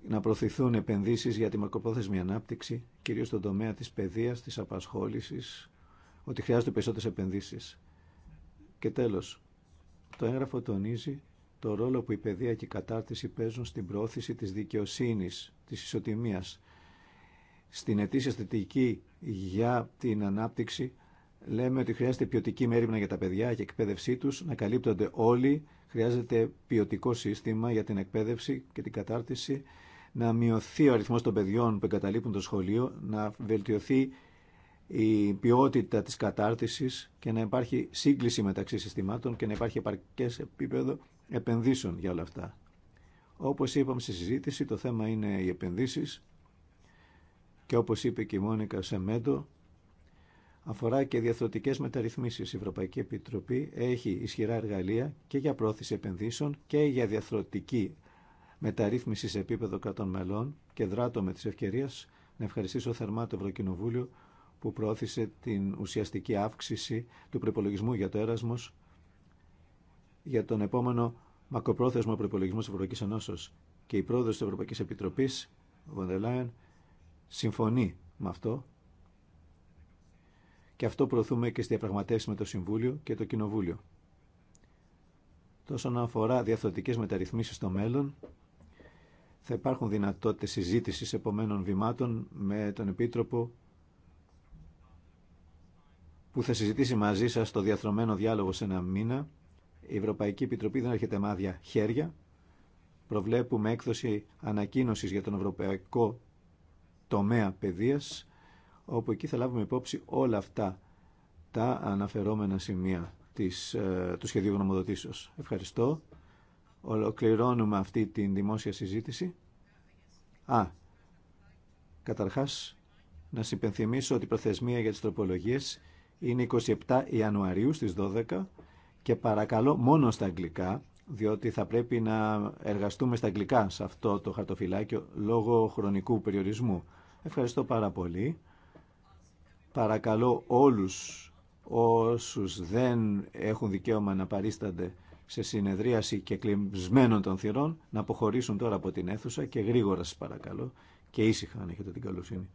να προωθηθούν επενδύσεις για τη μακροπρόθεσμη ανάπτυξη, κυρίως στον τομέα της παιδείας, της απασχόλησης, ότι χρειάζονται περισσότερες επενδύσεις. Και τέλος, το έγγραφο τονίζει το ρόλο που η παιδεία και η κατάρτιση παίζουν στην προώθηση της δικαιοσύνης, της ισοτιμίας. Στην ετήσια στρατηγική για την ανάπτυξη λέμε ότι χρειάζεται ποιοτική μέρημνα για τα παιδιά και εκπαίδευσή τους, να καλύπτονται όλοι, χρειάζεται ποιοτικό σύστημα για την εκπαίδευση και την κατάρτιση να μειωθεί ο αριθμός των παιδιών που εγκαταλείπουν το σχολείο, να βελτιωθεί η ποιότητα της κατάρτισης και να υπάρχει σύγκληση μεταξύ συστημάτων και να υπάρχει επαρκές επίπεδο επενδύσεων για όλα αυτά. Όπως είπαμε στη συζήτηση, το θέμα είναι οι επενδύσεις και όπως είπε και η Μόνικα Σεμέντο, αφορά και διαθροτικές μεταρρυθμίσεις. Η Ευρωπαϊκή Επιτροπή έχει ισχυρά εργαλεία και για πρόθεση επενδύσεων και για διαθροτική μεταρρύθμιση σε επίπεδο κρατών μελών και δράτω με τις ευκαιρίες να ευχαριστήσω θερμά το Ευρωκοινοβούλιο που προώθησε την ουσιαστική αύξηση του προπολογισμού για το έρασμο για τον επόμενο μακροπρόθεσμο προπολογισμό τη Ευρωπαϊκή Ενώσεω και η πρόεδρο τη Ευρωπαϊκή Επιτροπή, Βοντελάιν, συμφωνεί με αυτό. Και αυτό προωθούμε και στι διαπραγματεύσει με το Συμβούλιο και το Κοινοβούλιο. Τόσο αφορά διαθωτικές μεταρρυθμίσεις στο μέλλον, θα υπάρχουν δυνατότητες συζήτησης επομένων βημάτων με τον Επίτροπο που θα συζητήσει μαζί σας το διαθρωμένο διάλογο σε ένα μήνα. Η Ευρωπαϊκή Επιτροπή δεν έρχεται με άδεια χέρια. Προβλέπουμε έκδοση ανακοίνωσης για τον Ευρωπαϊκό τομέα παιδείας, όπου εκεί θα λάβουμε υπόψη όλα αυτά τα αναφερόμενα σημεία της, ε, του σχεδίου γνωμοδοτήσεως. Ευχαριστώ. Ολοκληρώνουμε αυτή την δημόσια συζήτηση. Α, καταρχάς να συμπενθυμίσω ότι η προθεσμία για τις τροπολογίες είναι 27 Ιανουαρίου στις 12 και παρακαλώ μόνο στα αγγλικά, διότι θα πρέπει να εργαστούμε στα αγγλικά σε αυτό το χαρτοφυλάκιο λόγω χρονικού περιορισμού. Ευχαριστώ πάρα πολύ. Παρακαλώ όλους όσους δεν έχουν δικαίωμα να παρίστανται σε συνεδρίαση και κλεισμένων των θυρών να αποχωρήσουν τώρα από την αίθουσα και γρήγορα σας παρακαλώ και ήσυχα αν έχετε την καλοσύνη.